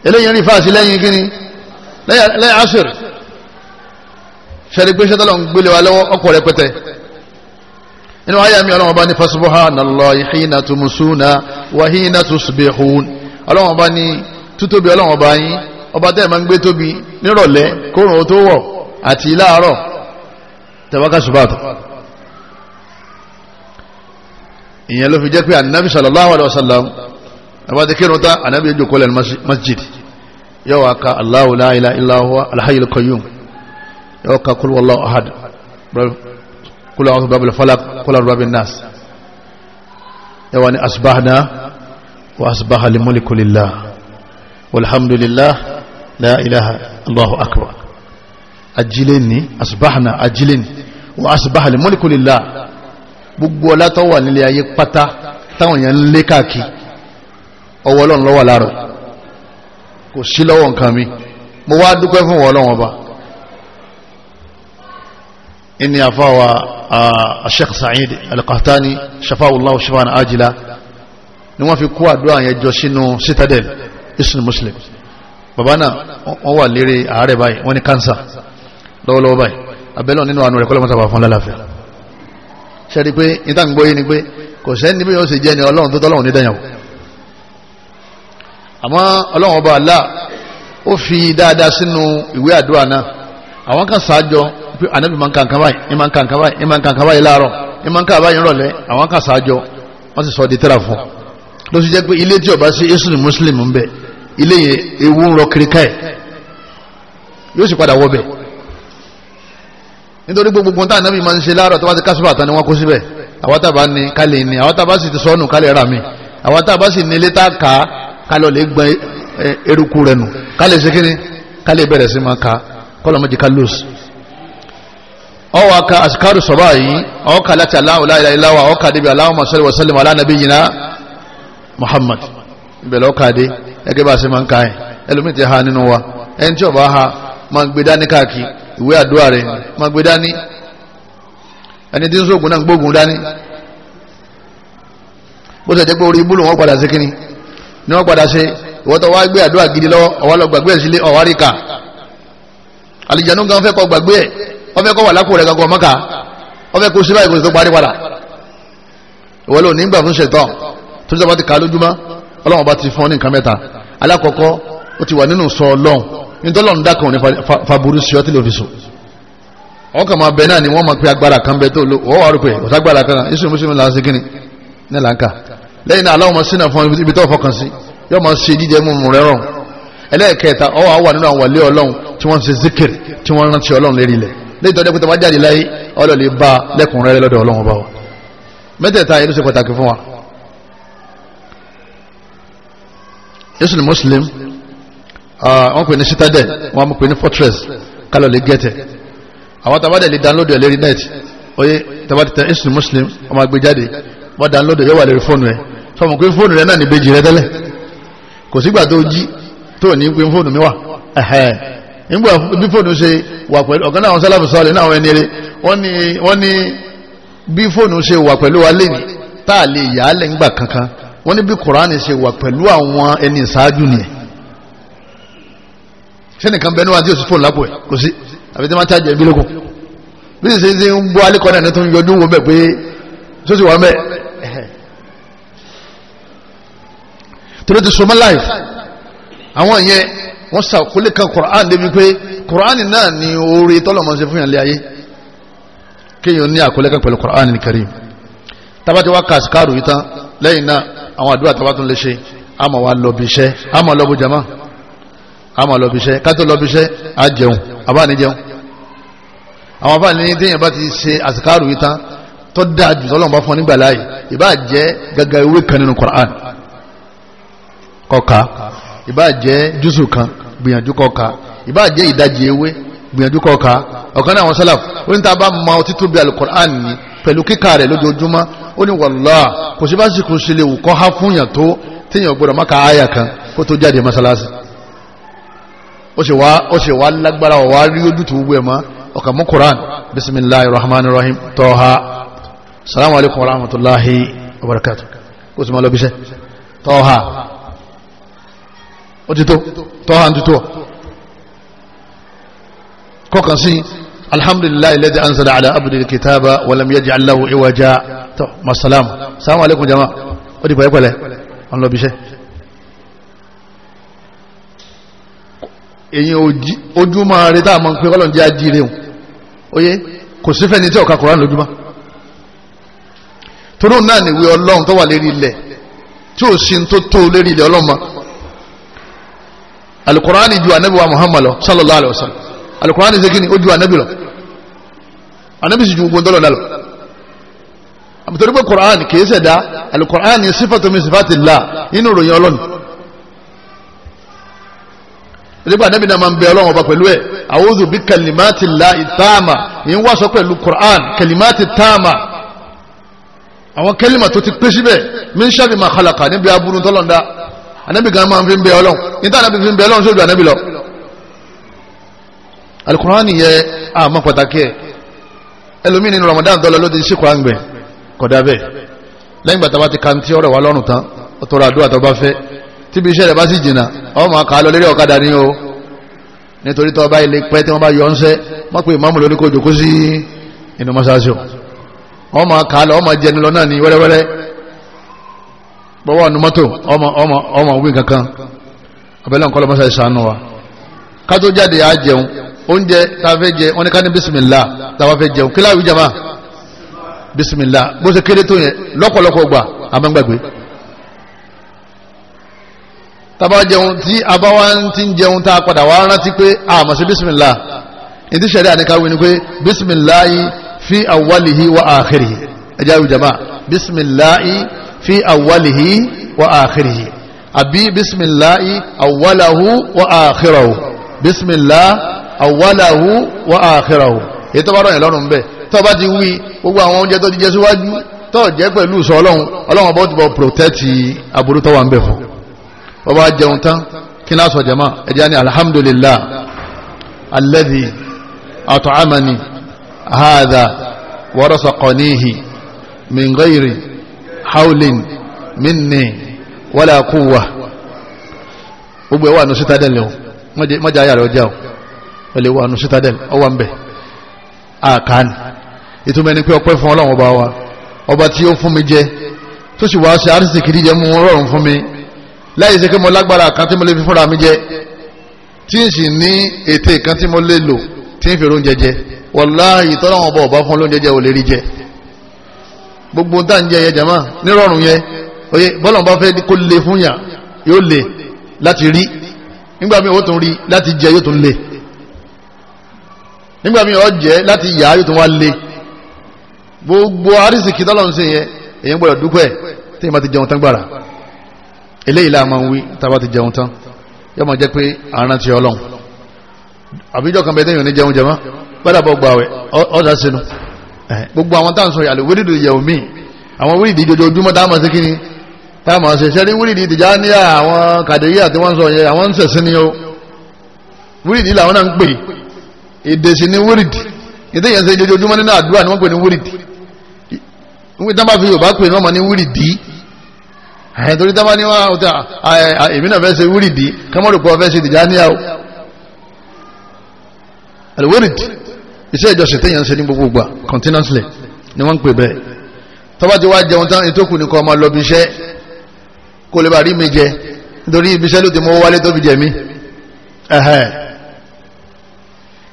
eléyìí rí fáàsì lẹ́yìn lẹ́yìn asir ṣẹ̀rí pé ṣẹ́tọ́ lọ́n gbélé wa lọ́wọ́ ọkọ̀ rẹpẹtẹ inú ayé mi ọlọ́wọ́n bá ní fasubhanallahi hina tumsuna wa hina tusbihun ọlọ́wọ́n bá ní tútóbi ọlọ́wọ́n bá yín ọba tẹ́ẹ̀ máa ń gbé tóbi nírọ̀lẹ́ kórùn ó tó wọ̀ àti láàárọ̀ tẹ̀wáká ṣùbàtà ìyẹn ló fi jẹ́ pé ànábì sallallahu alaihi wasallam àbá ti kírun tá ànábì ojú kọlẹ̀ masjid yóò wá ka Allahu la ilaha illa huwa al-hayyul qayyum yóò ka kul wallahu ahad kul a'udhu bi rabbil falaq kul a'udhu bi rabbin nas yóò wá ní asbahna wa asbaha al-mulku lillah walhamdulillah la ilaha Allahu akbar ajileni asbahna ajileni wa asbaha al-mulku lillah gbogbo ọlá tó nílé ayé pátá táwọn èèyàn ń lé káàkiri ọwọ́ ọlọ́run ló wà kò sí lọ́wọ́ nǹkan mi mo wá dúpẹ́ fún wọn lọ́wọ́ bá inni afawa a sheikh sa'id al-qahtani shafa'ullahu shafa'an ajila ni wọ́n fi kó àdúrà yẹn jọ sínú citadel islam muslim bàbá náà wọ́n wà lérí àárẹ̀ báyìí wọ́n ní kánsà lọ́wọ́lọ́wọ́ báyìí abẹ́lọ́ nínú àánú rẹ̀ kọ́lọ́ mọ́tàbà fún lálàáfíà ṣe rí pé ìtàǹgbóyé ni pé kò sẹ́ni bí yóò ṣe jẹ́ ni ọlọ́run tó tọ́lọ́run ní dẹ́yàwó àmọ́ ọlọ́run ọba àlá ó fi dáadáa sínú ìwé àdúrà náà àwọn kan ṣáájọ pé ànábì máa ń ka nǹkan báyìí ẹ máa ń ka nǹkan báyìí ẹ máa ń ka nǹkan báyìí láàárọ̀ ẹ máa ń ka báyìí rọ̀lẹ́ àwọn kan ṣáájọ wọ́n sì sọ di tẹ́ra fún ló sì jẹ́ pé ilé tí ọba sí yéṣu ni mùsùlùmí ń bẹ ilé yẹn ewu ń rọ kiri káyẹ̀ yóò sì padà wọ nítorí gbogbo tá ànábì máa ń ṣe láàárọ̀ tó bá ti kásùbà tán ni wọ́n kó síbẹ̀ àwọn tábà ní kálẹ̀ ní àwọn tábà sì ti sọ́nù kálẹ̀ rà mí àwọn tábà sì ní ilé tá a kà kálọ̀ lè gbọ́n eruku rẹ̀ nù kálẹ̀ ṣe kíni kálẹ̀ bẹ̀rẹ̀ sí máa ka kọ́lọ̀ méjì ká lóòsì ọwọ́ aka àsìkárù sọ̀rọ̀ yìí ọ̀ọ́ka láti aláwọ̀ láìláì láwà ọ̀ọ́ka débi Allahumma salli wa sallim ala nabiyyina Muhammad ìbẹ̀lẹ̀ ọ̀ọ́ka dé ẹgẹ́ bá a ṣe máa ka yẹn ẹlòmíì ti ha nínú wa ẹni tí ọba ha máa gbé dání káàkiri ìwé àdúrà rẹ̀ máa gbé dání ẹni tí ń sóògùn náà gbóògùn dání bó ṣe jẹ́ pé orí ibú lòun padà sí kínní ni wọ́n padà ṣe ìwọ́tọ̀ wá gbé àdúrà gidi lọ́wọ́ ọ̀wá lọ gbàgbé ẹ̀ sílé ọ̀wá ríkà àlìjánu gan fẹ́ kọ gbàgbé ẹ̀ wọ́n fẹ́ kọ́ wà lápò rẹ̀ gangan mọ́ka wọ́n fẹ́ kó síbáyìí kò sì tó parí padà ìwọ́n lò nígbà fún ṣètọ́ tó ti ti ká lójúmọ́ ọlọ́run bá ti fún ọ ní nǹkan mẹ́ta alákọ̀ọ́kọ́ ó ti wà nínú sọ ọlọ́run ní faburú ni wọ́n lẹ́yìn náà aláwọ̀ máa sínú àfọ̀n ibi tó fọkàn sí yóò máa ṣe jíjẹ mímu rẹ̀ rọrùn ẹlẹ́ẹ̀kẹta ọwọ́ àwọn nínú àwọn ilé ọlọ́run tí wọ́n ń ṣe zikiri tí wọ́n ń rántí ọlọ́run lérí ilẹ̀ lẹ́yìn tó dẹ́kun tó bá jáde láyé ọlọ́ lè bá lẹ́kùnrẹ́rẹ́ lọ́dọ̀ ọlọ́run bá wa mẹ́tẹ̀ẹ̀ta inú ṣe pàtàkì fún wa. yéṣu ni muslim wọ́n pè ní citadel wọ́n pè ní fortress kálọ̀ lè gẹ̀tẹ̀ àwọn tabadẹ̀ lè download ẹ̀ lérí net oye tabadẹ̀ tẹ̀ yéṣu ni muslim wọ́n máa gbé bá download yóò wà lórí fóònù rẹ sọmọ pé fóònù rẹ náà ní bèjì rẹ tẹ́lẹ̀ kò sígbà tó jí tó ní pé fóònù mi wà ẹ̀hẹ́ nígbà bí fóònù ṣe wà pẹ̀lú ọ̀kan náà wọn sálàfù sọ́ọ̀lẹ̀ náà wọn ẹni rẹ wọ́n ní bí fóònù ṣe wà pẹ̀lú wa lẹ́ni tá a lè yà á lẹ́ ńgbà kankan wọ́n ní bí kùránì ṣe wà pẹ̀lú àwọn ẹni ìṣáájú nìyẹn ṣé nìkan bẹ́ẹ̀ níwájú òsì fóònù lápò ẹ̀ kò sí àbí tí wọ́n ti àjẹ́ ìbílẹ̀kùn bí ṣe ń bọ́ alẹ́kọ̀ọ́ náà ní tó ń yọjú wo torí ti sọmọ láì àwọn yẹn wọ́n sàkólé kan Qur'an débi pé Qur'an náà ni oore tọ́lọ̀mọ́ ṣe fún yàn lé ayé kéèyàn ní àkólé kan pẹ̀lú Qur'an Karim tabati wa kàṣkàrù yìí tán lẹ́yìn náà àwọn àdúrà tabatun lè ṣe àmọ́ wa lọ bí iṣẹ́ àmọ́ lọ bó jama àmọ́ lọ bí iṣẹ́ kátó lọ bí iṣẹ́ á jẹun àbáni jẹun àwọn àbáni ní téèyàn bá ti ṣe àṣkàrù yìí tán tó dáa jù tọ́lọ́mọ́ bá fún nígbà láàyè ìbá jẹ́ gàgà ewé kan nínú Qur'an kọka ìbá jẹ́ júsù kan gbìyànjú kọka ìbá jẹ́ ìdajì ewé gbìyànjú kọka ọ̀kan náà wọn sálàf ó ní tá bá ma ọtí tó bí alukur'an ni pẹ̀lú kíkà rẹ̀ lójoojúmọ́ ó ní wàllá kò sí bá sì kò ṣe lè wù kọ́ ha fún yàn tó téèyàn gbọ́dọ̀ má ka àyà kan kó tó jáde mọ́sálásí ó ṣe wá ó ṣe wá lágbára wá rí ojútùú gbogbo ẹ̀ mọ́ ọ̀kan mú quran bisimilahi rahman rahim tọ́ha salamu alaykum wa rahmatulahi wa barakatu kó sì máa lọ bíṣẹ́ tọ́ha ó ti tó tọ́wọ́ àti tó kọ́kàn sí alhamdulilayi lẹ́dí ansada ala abudul kitaba walam yaji alahu iwaja tó masalam salamu aleykum jama ó di pẹ̀lẹ́pẹ̀lẹ́ ọ̀n lọ bíṣẹ́ èyí ojúmọ́ rẹ̀ tá a mọ̀ pé ọlọ́run jẹ́ ajíire òun oyé kò sífẹ́ ní tí ọ̀ka koran lójúmọ́ torún náà nìwé ọlọ́run tó wà lérí ilẹ̀ tí ò sí tó tó lérí ilẹ̀ ọlọ́run alukurani ju anabi wa muhammad lọ sallallahu alaihi wa sallam alukurani ṣe kí ni ó ju anabi lọ anabi sì ju gbogbo ńdọ́lọ̀ dá lọ àbùtọ́rí pé kùránì kìí ṣẹ̀dá alùkùránì sífàtòmí sífàtìlá nínú ìròyìn ọlọ́nà nígbà náà bìnà máa ń bẹ ọlọ́run ọba pẹ̀lú ẹ̀ àwòzù bí kẹlìmáàtì lá ìtààmà ni ń wàṣọ pẹ̀lú kùránì kẹlìmáàtì tààmà àwọn kẹlìmà tó ti pé síbẹ̀ mí ń ṣàbí màkàlàkà níbi aburú tọ́lọ́ndá anabi gan máa fi ń bẹ ọlọ́run níta anabi fi ń bẹ ọlọ́run sójú anabi lọ alukurani yẹ àmọ́ pàtàkì ẹ ẹlòmíì nínú ramadan tọ́lọ ló ti ṣe kwan gbẹ kọ̀dà bẹ́ẹ̀ lẹ́yìn gbàtà bá ti ka ti ọ̀rọ̀ wa lọ́rùn tán ó tọrọ àdúrà tó bá fẹ́ tíbi iṣẹ́ rẹ̀ bá sì jìnnà ọ máa kà á lọ lérí ọ̀kadà ni o nítorí tọ́ ọba ilé pẹ́ tí wọ́n bá yọ ọ́nṣẹ́ wọ́n pe ìmáàmù lórí kó sí inú mọ́ṣáṣí o ọ máa kà á lọ ọ máa jẹni lọ náà ní wẹ́rẹ́wẹ́rẹ́ bọ́wọ́ ọ̀nù mọ́tò ọmọ ọmọ ọmọ òbí kankan abẹ́lẹ́ nǹkan lọ́mọ́sá ìṣàánú wa ká tó jáde á jẹun oúnjẹ tá a fẹ́ jẹ wọn ni ká ní bisimilá tá a fẹ́ jẹun kí láwùí jama bisimilá bó ṣe kéré tó yẹn lọ́pọ̀lọpọ̀ gbà àmọ́gbàgbé tàbá jẹun tí a bá wá ń ti jẹun tá a padà wá rántí pé a mọ̀ sí bisimilá ìdí ṣẹ̀rí àníkàwé ni pé bisimilá yìí fi awwalihi wa akhirihi ẹ̀jẹ̀ àwùjọ jama fi awwalihi wa akhirihi àbí bisimilahi awwalahu wa akhirahu bisimilah awwalahu wa akhirahu èyí tó bá rọ̀yìn lọ́rùn bẹ́ẹ̀ tó bá ti wí gbogbo àwọn oúnjẹ tó ti jẹ síwájú tó jẹ́ pẹ̀lú sọ ọlọ́run ọlọ́run bọ́ ti bọ́ protẹ́tì aburú tó wà ń bẹ̀ fún bọ́bá jẹun tán kí náà sọ jẹ́mọ́ ẹ̀dí alhamdulillah alladhi at'amani hadha wa rasaqanihi min ghairi haulin minni wala quwwa gbogbo ẹ̀ wà ní citadel o mọ́jà ayà rẹ̀ ọjà o wọ́n lè wà ní citadel ọwà ń bẹ̀ àkàní ìtumọ̀ ẹni pé ọpẹ́ fún ọlọ́run ọba wa ọba tí ó fún mi jẹ tó sì wá ṣe àrísì kìí jẹ mú rọrùn fún mi láì ṣe pé mo lágbára kan tí mo lè fi fúnra mi jẹ tí n sì ní ète kan tí mo lè lò tí n fi oúnjẹ jẹ wàláhì tọ́lọ́run ọba ọba fún olóúnjẹ jẹ ò lè rí jẹ gbogbo tá ń jẹ yẹ jama nírọ̀rùn yẹ oye bọ́lọ̀ bá fẹ́ kó le fún yà yóò le láti rí nígbà míì ó tún rí láti jẹ yóò tún le nígbà míì ó jẹ láti yà yóò tún wá le gbogbo arísìkí tọ́lọ̀ ń sè yẹ èyàn gbọ́dọ̀ dúpẹ́ tí èyàn bá ti jẹun tán gbàrà eléyìí láàmú wí tá a bá ti jẹun tán yóò máa jẹ pé àárín ti ọlọ́run àbíjọ kan bẹ tẹ́yìn ò ní jẹun jẹ mọ́ gbọ́dọ̀ bọ́ gbà wẹ̀ ọ́ Eh. gbogbo àwọn tá à ń sọ yàrá wíìdì yẹ̀wò míì àwọn wíìdì ìjọjọjúmọ́ tá a máa ṣe kíni tá a máa ṣe ṣẹ́rí wíìdì Tìjàníyà àwọn kàdéyà tí wọ́n ń sọ yẹn àwọn ń ṣẹ̀sìn ni o wíìdì làwọn náà ń pè èdè sí ni wíìdì èdè yẹn ṣe ìjọjọjúmọ́ nínú àdúrà ni wọ́n pè ní wíìdì wíìdì tá a bá fi Yorùbá pè ní wọ́n máa ní wíìdì àyẹ̀ torí tá a bá ní wọn èmi náà fẹ́ ṣe wíìdì kámọ́rò o àlùwíìdì iṣẹ́ ìjọsìn téèyàn ń ṣe ní gbogbo gbà continuously ni wọ́n ń pè bẹ́ẹ̀ tọ́ba ti wá jẹun tán ètò kù ní kọ́ ọmọ lọ bí iṣẹ́ kó lè bá rí mi jẹ nítorí ibi iṣẹ́ ló ti mọ́ wálé tó fi jẹ mí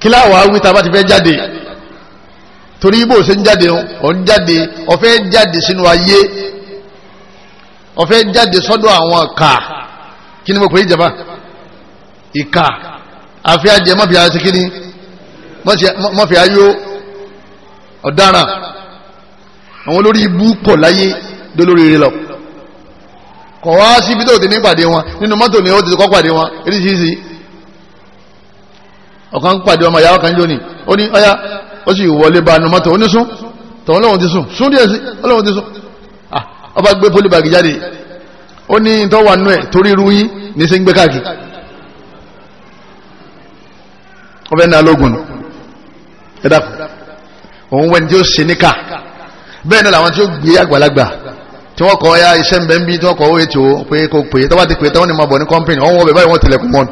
kí láwàá wí tá a bá ti fẹ́ jáde torí bó ṣe ń jáde ọ̀ ń jáde ọ̀fẹ́ jáde sínú ayé ọ̀fẹ́ jáde sọ́dọ̀ àwọn ìka kí ni mo pè é jẹba ìka àfi ajẹmọ́ fi ara ṣe kí ni mọ́fì ayó ọ̀daràn àwọn olórí ibú pọ̀ láyé dolórí rẹ lọ kọ̀ wá síbi tó ti ní pàdé wọn nínú mọ́tò ni ó ti kọ́ pàdé wọn eréṣiríṣi ọ̀kan pàdé ọmọ ìyá ọ̀kan jóni ó ní ọ̀yá ó sì wọlé ba nu mọ́tò ó ní sún tọ̀hún lọ́wọ́n ti sùn sún díẹ̀ sí ọlọ́wọ́n ti sùn ọba ah, gbé polybag jáde ó ní tó wà nú ẹ̀ torí irú yín ní sí ń gbé káàkiri ọbẹ̀ ní alógun nù ẹ dàkú òun wẹ́ni tí ó ṣe níkà bẹ́ẹ̀ ni làwọn tí ó gbé àgbàlagbà tí wọ́n kọ́ ya iṣẹ́ nbẹ́ nbí tí wọ́n kọ́ ó ètò pé kò pè é tọ́wọ́ ti pè é tọ́wọ́ ni máa bọ̀ ní kọ́mpìnì wọ́n wọ́ bẹ̀ báyìí wọ́n tilẹ̀kùn mọ́ni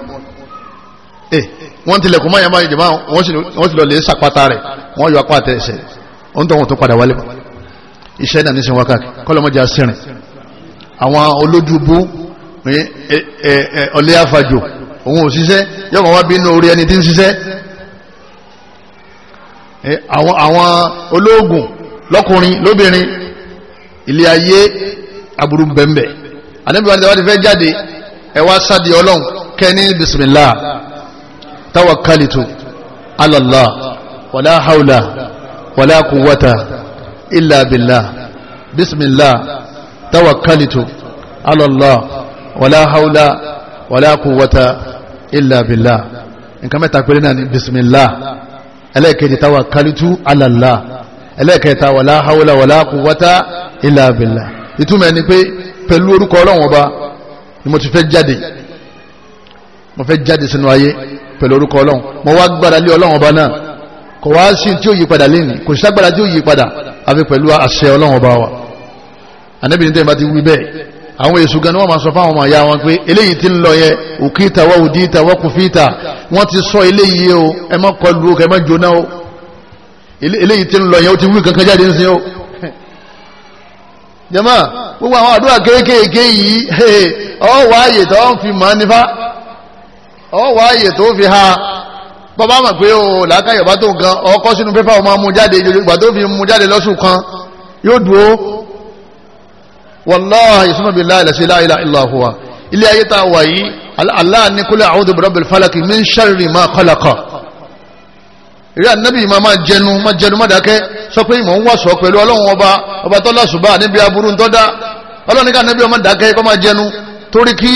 ẹ eh, wọ́n tilẹ̀kùn mọ́ yàmá ìjọba wọ́n sì lọ lè sàpáta rẹ̀ wọ́n yọ apá àtẹ̀sẹ̀ wọ́n tọ́ wọn tó padà wálé iṣẹ́ náà nísìnyí wákàtí kọ́lọ́mọ́jà sẹ́rìn àwọn olójúbú eh, eh, ọlẹ́ òun ò ṣiṣẹ́ yọ̀ọ́ Eh, àwọn àwọn olóògùn lọ́kùnrin lóbìnrin ilé ayé aburú bẹ́ẹ̀nbẹ́ anábìwájú tí wọ́n ti fẹ́ jáde ẹ wá sáde ọlọ́run kẹ́ni bisimilá tawakalitu alàlá wàlá haula wàlá kúwata ilà bìlá bisimilá tawakalitu alàlá wàlá haula wàlá kúwata ilà bìlá nǹkan mẹ́ta péré náà ni bisimilá ẹlẹ́ẹ̀kejì táwà kálítú alàlá ẹlẹ́ẹ̀kẹta wà láháwọ́lá wà láàkúwátá ilẹ̀ àbìlà ìtumẹ̀ ni pé pẹ̀lú orúkọ ọlọ́wọ́n ọba ni mo ti fẹ́ jáde mo fẹ́ jáde sínú ayé pẹ̀lú orúkọ ọlọ́wọ́n mo wá gbára lé ọlọ́wọ́n ọba náà kò wá sí tí ó yí padà lẹ́ni kò sí agbára tí ó yí padà àfi pẹ̀lú àṣẹ ọlọ́wọ́n ọba wa ànábìrin tẹ́yìn àwọn èṣù gan ni wọ́n máa sọ fáwọn ọmọ ìyá wọn pé eléyìí ti ń lọ yẹ òkìta wọ́n òdìta wọ́n kò fìta wọ́n ti sọ eléyìí o ẹ má kọlu o kẹ má jóná o eléyìí ti ń lọ yẹ o ti wí kankan jáde nsìn o. jama gbogbo àwọn àdúrà kéékèèké yìí ọ wá ààyè tó ń fi màá nífà ọ wá ààyè tó fi ha bọ́bá mọ̀ pé o làákàyọ̀ bá tó gan ọkọ sínú pépà ọmọ amújáde ìgbà tó fi mú jáde lọ́sùn kan yóò dúró wallahi suma billahi la ilaha illa illa huwa ilé ayé tá a wà yìí Allah ní kúlẹ̀ a'udhu birabbil falaki min sharri ma khalaqa ìrẹ́ ànábì máa máa jẹnu máa jẹnu má dákẹ́ sọ pé ìmọ̀ ń wà sọ pẹ̀lú ọlọ́run ọba ọba tọ́lá ṣùgbọ́n níbi aburú ń tọ́dá ọlọ́run ká ànábì ọmọ dákẹ́ kó máa jẹnu torí kí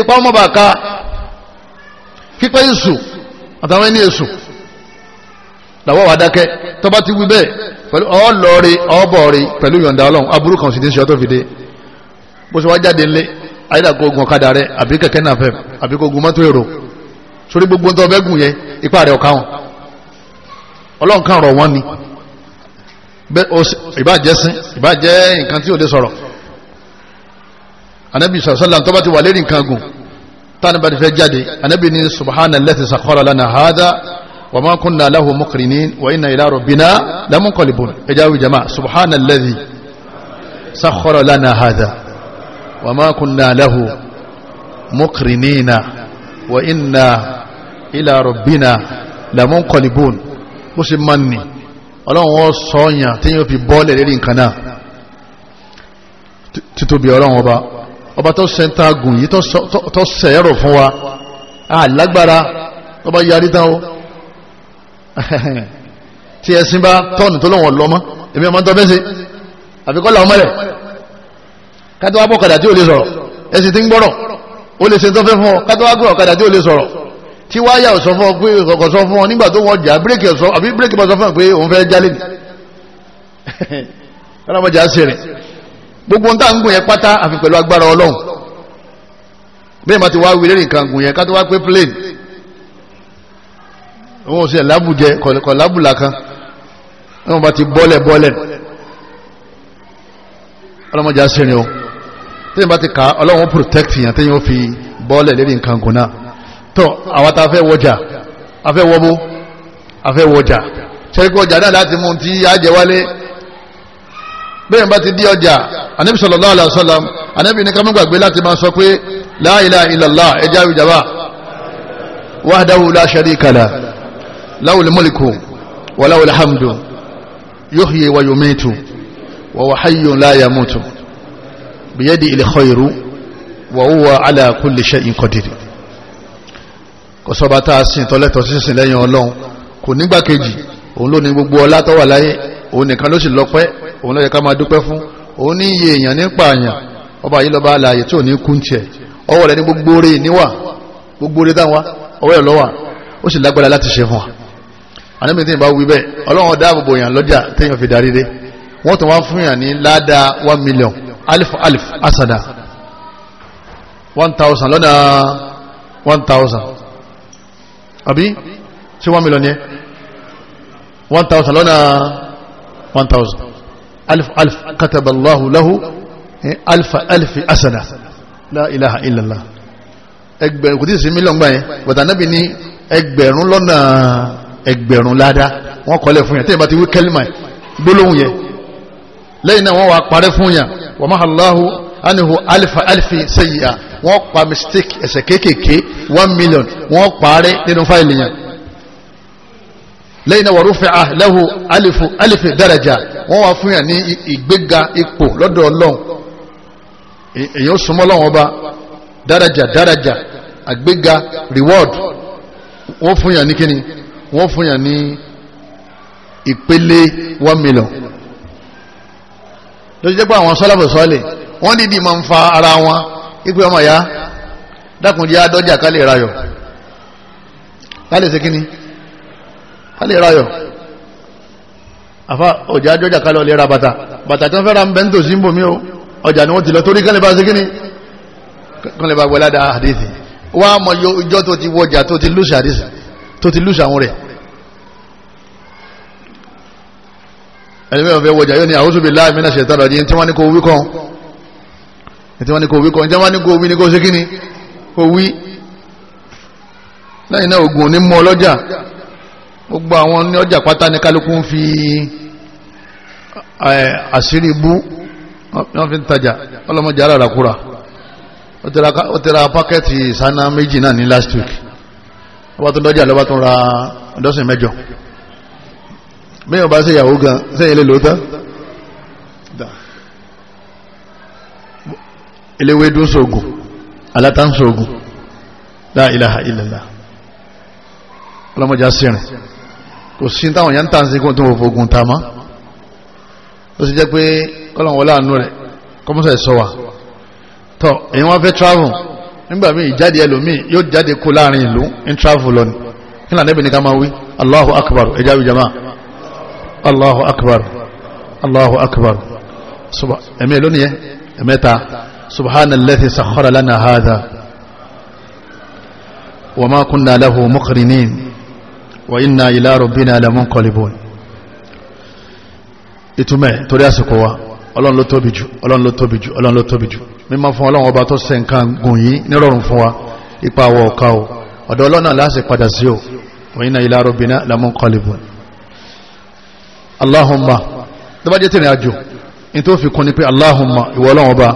ipa ọmọ bàa ka kípẹ́ èṣù àtàwọn ẹni èṣù làwọ́ wa dákẹ́ tó bá ti wí bẹ́ẹ̀ pẹ̀lú ọlọ́ọ̀rẹ́ ọ̀bọ̀ọ̀rẹ́ pẹ̀lú yọ̀ǹda ọlọ́run aburú kan sì ti ń ṣe ọ́ tó fi dé bó ṣe wá jáde ńlé ayédàkó ogun ọ̀kadà rẹ àbí kẹ̀kẹ́ náà fẹ́ àbí kó ogun mọ́tò èrò sórí gbogbo ń tọ́ fẹ́ gùn yẹn ipá rẹ̀ ọ̀ka wọn ọlọ́run kan rọ̀ wọ́n ni ìbájẹ́ sin ìbájẹ́ nǹkan tí ò lè lana hadha وما كنا له مقرنين وإنا إلى ربنا ila rabbina lamunqalibun ejawi jama subhana alladhi sakhkhara lana hadha wa ma kunna lahu muqrinina wa inna ila rabbina lamunqalibun bó ṣe máa ń ní ọlọ́run wọ́n sọ́ọ̀yàn tí yóò fi bọ́ọ̀lẹ̀ lérí nǹkan náà títóbi ọlọ́run ọba ọba tó sẹ́ńtà gùn yìí tó sẹ́ẹ̀rọ̀ fún wa alágbára tó yarí tán tí ẹ̀sìn bá tọ́ọ̀nù tó lọ́wọ́ lọ́mọ́ èmi ọmọ tọ́ bẹ́sẹ̀ àfikọ́lá ọmọ rẹ̀ kátó wá bọ́ ọ̀kadà tí ò lè sọ̀rọ̀ ẹ̀sìn tí ń gbọ́rọ̀ ó lè ṣe tó fẹ́ fún ọ kátó wá gbọ́ ọ̀kadà tí ò lè sọ̀rọ̀ tí wáyà ọ̀sọ́ fún ọ pé ọkọ̀ sọ fún ọ nígbà tó wọ́n jà bírèkì ọ̀sọ́ àbí bírèkì bá sọ fún ọ pé òun fẹ́ jálè ní ọlọ́mọjà ṣe rẹ̀ gbogbo ń táǹgùn yẹn pátá àfi pẹ̀lú agbára ọlọ́run bẹ́ẹ̀ bá ti wá wílé nǹkan gùn yẹn ká wá pé plane òun ò sí ẹ̀lábùjẹ kọ̀ lábùlà kan wọn bá ti bọ́lẹ̀ bọ́lẹ̀ ọlọ́mọdé aṣèrìn o tẹ́yìn bá ti kà ọlọ́wọ́n protect yàn tẹ́yìn ó fi bọ́lẹ̀ lérí nǹkan gùn náà tọ́ àwọn tá a fẹ́ wọjà a fẹ́ wọ́bó a fẹ́ wọjà ṣẹ́ríkọ́ ọjà náà láti mú ti àjẹ wálé bẹ́ẹ̀ bá ti dí ọjà anabi sallallahu alaihi wasallam anabi ní ká gbàgbé láti máa sọ pé la ilaha illallah ẹja ìjàmbá wahdahu la sharika lah láwùlẹ̀ mọ́lìkù wà láwùlẹ̀ hamdu yuhyi wa yumitu wa huwa hayyun la وهو على كل شيء قدير. huwa ala kulli shay'in qadir kò sọba tá a sin tọ́lẹ́tọ̀ sísìn lẹ́yìn ọlọ́run kò nígbà kejì òun ló ní gbogbo ọlá tó wà láyé òun nìkan ló sì lọ́pẹ́ òun ló yẹ ká máa dúpẹ́ fún òun ní iye èèyàn nípa àyàn ọba yìí lọ́ba àlàyé tí ò ní kú tiẹ̀ ọwọ́ rẹ̀ ní gbogbo rẹ̀ níwà gbogbo rẹ̀ táwa ọwọ́ rẹ̀ lọ́wà ó sì lágbára láti ṣe fún wa ànábì tí yẹn bá wí bẹ́ẹ̀ ọlọ́run dáàbò bò yàn lọ́jà téèyàn fi darí dé wọ́n tún wá fún yàn ní ládàá one million alif alif asada one thousand lọ́nà one thousand àbí ṣé one million yẹn one thousand lọ́nà one thousand alif alif kataballahu lahu alif alif asada la ilaha illallah ẹgbẹ̀rún kò tí ì sí mílíọ̀n gbà yẹn bàtà ànábì ní ẹgbẹ̀rún lọ́nà ẹgbẹ̀rún ládá wọ́n kọ́lẹ̀ fún yàn tẹ́yìn bá ti wí kẹ́lìmà gbólóhùn yẹn lẹ́yìn náà wọ́n wá parẹ́ fún yàn wa mahallahu anihu alifa alifi sẹ́yìá wọ́n pa mistake ẹ̀sẹ̀ kéékèèké one million wọ́n parẹ́ nínú fáìlì yẹn lẹ́yìn náà wọ́n rúfẹ́ ah alifu alifi daraja wọ́n wá fún yàn ní ìgbéga ipò lọ́dọ̀ ọlọ́run èyàn súnmọ́ lọ́wọ́n ọba daraja daraja àgbéga reward wọ́n fún yàn ní kíni wọ́n fún yàn ní ìpele one million lójú jẹ́ pé àwọn sọ́lábù sọ́ọ̀lẹ̀ wọ́n dìdí máa ń fa ara wọn ipe ọmọ ìyá dákùnjẹ́ adọ́jà ká lè rayọ̀ ká lè ṣe kíni ká lè ọjà adọ́jà ká lọ ra bàtà bàtà tí ń bẹ́ ń tòsí ń bòmí o ọjà ni wọ́n ti lọ torí kán lè bá ṣe kíni kán lè bá gbọ́ládà àdéhìí wọ́n á mọ ìjọ tó ti wọjà tó ti lùsà àdéhìí tó ti lùsà àwọn rẹ̀ ẹni bẹ́ẹ̀ fẹ́ wọjà yóò ní a'udhu billahi minash shaitanir rajim tí wọ́n ní kò wí kàn tí wọ́n ní kò wí kàn tí wọ́n ní kò wí ní kò ṣe kíni kò wí lẹ́yìn náà oògùn ní mọ́ ọlọ́jà gbogbo àwọn ní ọjà pátá ní kálukú ń fi àṣírí bú wọ́n fi ń tajà ọlọ́mọdé alárakúra ó tẹ́ra pákẹ́tì sáná méjì náà ní last week ọba tó lọ́jà lọ́ba tó ra ọdọ́sìn mẹ́jọ mẹ́yàn bá ṣe ìyàwó gan sẹ́yìn lè lóòótọ́ eléwé dún sóògùn aláta ń sóògùn la ilaha illallah ọlọ́mọjá sírin kò sí táwọn yẹn ń tàn sí kó tó wọ́n fogun ta mọ́ ó sì jẹ́ pé kọ́lọ̀wọ́ travel nígbà míì ìjáde ẹlòmíì yóò jáde kó láàrin ìlú ń travel lọ ní kí lànà ẹ̀bìnrin wí Allahu akbar ẹ̀já wí Allahu akbar Allahu akbar ẹ̀mí lónìí yẹn ẹ̀mẹ́ta subhanallazi sakhkhara lana hadha wa ma kunna lahu muqrinin wa inna ila rabbina lamunqalibun ìtumẹ̀ torí àsìkò wa ọlọ́run ló tóbi jù ọlọ́run ló tóbi jù ọlọ́run ló tóbi jù mímọ́ fún ọlọ́run ọba tó ṣe nǹkan gùn yìí nírọ̀rùn fún wa ipa àwọ̀ ọ̀ka o ọ̀dọ̀ ọlọ́run náà padà sí o wa inna ila rabbina lamunqalibun Allahumma tó bá jẹ́ tẹ̀rìn àjò ní tó fi kún ni pé Allahumma ìwọ ọlọ́run ọba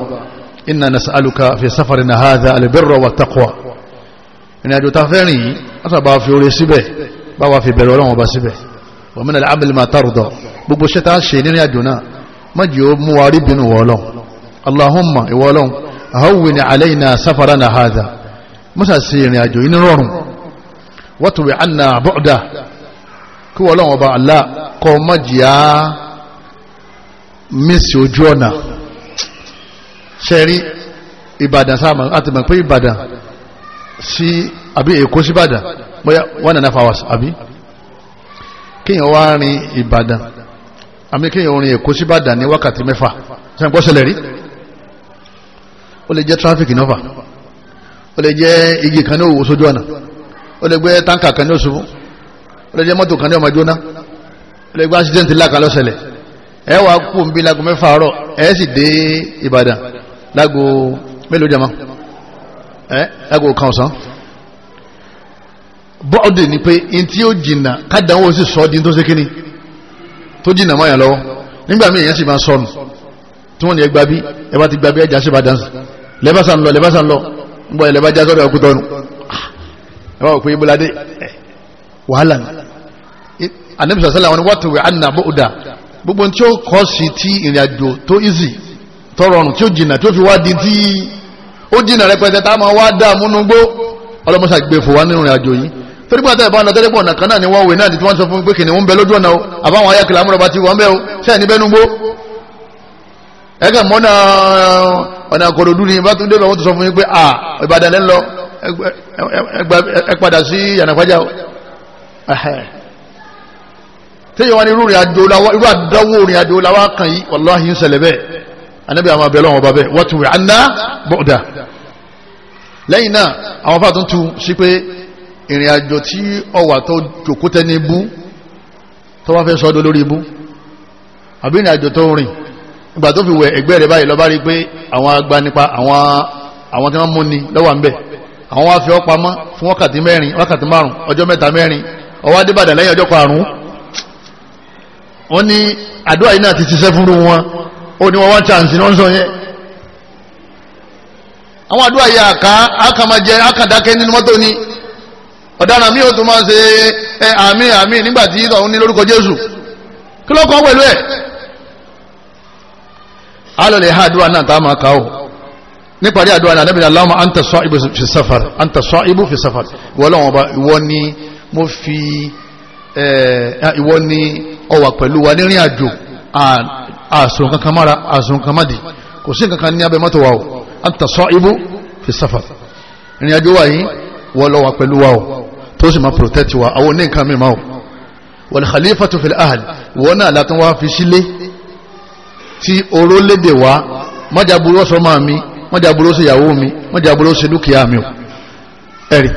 inna nas'aluka fi safarina hadha al-birra wa taqwa ìrìn àjò ta fẹ́ rìn yìí látà bá fi oore síbẹ̀ bá wa fi bẹ̀rẹ̀ ọlọ́run ọba síbẹ̀ wa min al-'amali ma tarda gbogbo ṣe tá a ṣe nínú àjò náà má jẹ́ ó wa rí bínú wọ ọlọ́run Allahumma ìwọ ọlọ́run ahawwin alayna safarana hadha musa sí ìrìn àjò yìí ní rọrùn watuwi bu'da kí wọ́n lọ́wọ́ bá Allah kọ́ mọ́jìá mísì ojú ọ̀nà ṣẹ́rí Ìbàdàn sáàmà àti mọ̀ pé Ìbàdàn sí àbí Èkó sí Ìbàdàn bóyá one and a half hours àbí kíyàn wá rin Ìbàdàn àmì kíyàn orin Èkó sí Ìbàdàn ní wákàtí mẹ́fà ṣe ń gbọ́sẹ̀lẹ̀ rí ó lè jẹ́ tráfíkì náà fà ó lè jẹ́ igi kan ní òwò sójú ọ̀nà ó lè gbé táǹkà kan ní òṣùwọ̀n ọlọ́jẹ́ mọ́tò kan ní ọmọ jóná ọlọ́gbẹ́ accident láka lọ́sẹ̀lẹ̀ ẹ wà kú ń bí lago mẹ́fà àárọ̀ ẹ sì dé Ìbàdàn lago mélòó jama ẹ lago kan ọ̀sán bọ́ọ̀dì ni pé in tí ó jìnnà kádàáwó sì sọ di tó ṣe kíni tó jìnnà mọ́ yàn lọ́wọ́ nígbà míì èèyàn sì máa sọnù tí wọ́n ní ẹgbà bí ẹ bá ti gbà bí ẹja ṣe bá dánsì lẹ́bàṣà ń lọ lẹ́bàṣà ń lọ ń bọ̀ ẹ̀ lẹ́bàjá sọ́dọ̀ ọkùtọ́nù ah, ẹ bá wò pé ibùdó wàhálà ni anabi sàlẹ̀ àwọn wàtò wẹ̀ àná bóòdà gbogbo tí ó kọ́ sí ti ìrìn àjò tó easy tó rọrùn tí ó jìnnà tí ó fi wá di tí ó jìnnà rẹpẹtẹ tá a máa wá dá múnugbó ọlọ́mọṣà gbé fò wá nínú ìrìn àjò yìí torí pé àtàwọn ọ̀nà tẹ́lẹ̀ kan náà ni wọ́n wẹ̀ náà ni tí wọ́n sọ fún mi pé kìnìún ń bẹ lójú ọ̀nà o àbáwọn ayákẹ́lẹ́ amúrọ̀bá ti wọ́n bẹ́ o sẹ́yìn níbẹ̀ nugbó ẹ̀kẹ́ mọ́nà ọ̀nà àkọ̀rọ̀dú ni bá tún débẹ̀ wọ́n tún sọ fún yín pé à Ìbàdàn lẹ́ ń lọ ẹ padà sí yànàfájà téèyàn wá ní irú ìrìnàjò làwọn irú àdáwó ìrìnàjò làwọn kan yìí wàláhì ń ṣẹlẹ̀ bẹ́ẹ̀ anábì àwọn abẹ́lẹ́ wọn bá bẹ́ẹ̀ wọ́n ti wẹ̀ aná bọ́ọ̀dà lẹ́yìn náà àwọn fàtún tu sí pé ìrìnàjò tí ọwà tó jòkó tẹ́ ní ibú tó wá fẹ́ sọ́dọ̀ lórí ibú àbí ìrìnàjò tó rìn ìgbà tó fi wẹ̀ ẹgbẹ́ rẹ̀ báyìí lọ́ba rí pé àwọn agbanipa àwọn àwọn tí wọ́n mú ni lọ́wọ́ ń bẹ̀ àwọn wá fi ọ́ pamọ́ fún wákàtí mẹ́rin wákàtí márùn ọjọ́ mẹ́ta mẹ́rin ọwọ́ adébàdàn lẹ́yìn ọjọ́ karùn-ún wọ́n ní àdúrà yìí náà ti ṣiṣẹ́ fúnru wọn ó ní wọn wá chance ní wọ́n sọ yẹn àwọn àdúrà yìí àká àkàmàjẹ àkàdákẹ́ nínú mọ́tò ni ọ̀daràn mi ò tún máa ṣe ẹ àmì àmì nígbà tí ìtọ̀hún ní lórúkọ Jésù kí ló kàn pẹ̀lú ẹ̀ alọ̀lẹ̀ ha àdúrà náà tá a máa kà ó níparí àdúrà náà lẹ́bìnrin aláwọ̀ anta sọ ibu fi safar anta sọ ibu fi safar ìwọ lọ́wọ́ mo fi ìwọ ni ọwà pẹ̀lú wa nírìn àjò àsùn kankan mára àsùn kankan máde kò sí kankan ní abẹ́ mọ́tò wa o anta sa'ibu fi safar ìrìn àjò wa yìí wọ́n lọ pẹ̀lú wa o tó sì máa protect wa àwọn ní nǹkan mìíràn o wal khalifatu fil ahl wọ́n náà látún wá fi sílé tí oró léde wá mọ́jà burú ọ̀sọ́ máa mi mọ́jà burú ó mi mọ́jà burú dúkìá mi o ẹ̀rí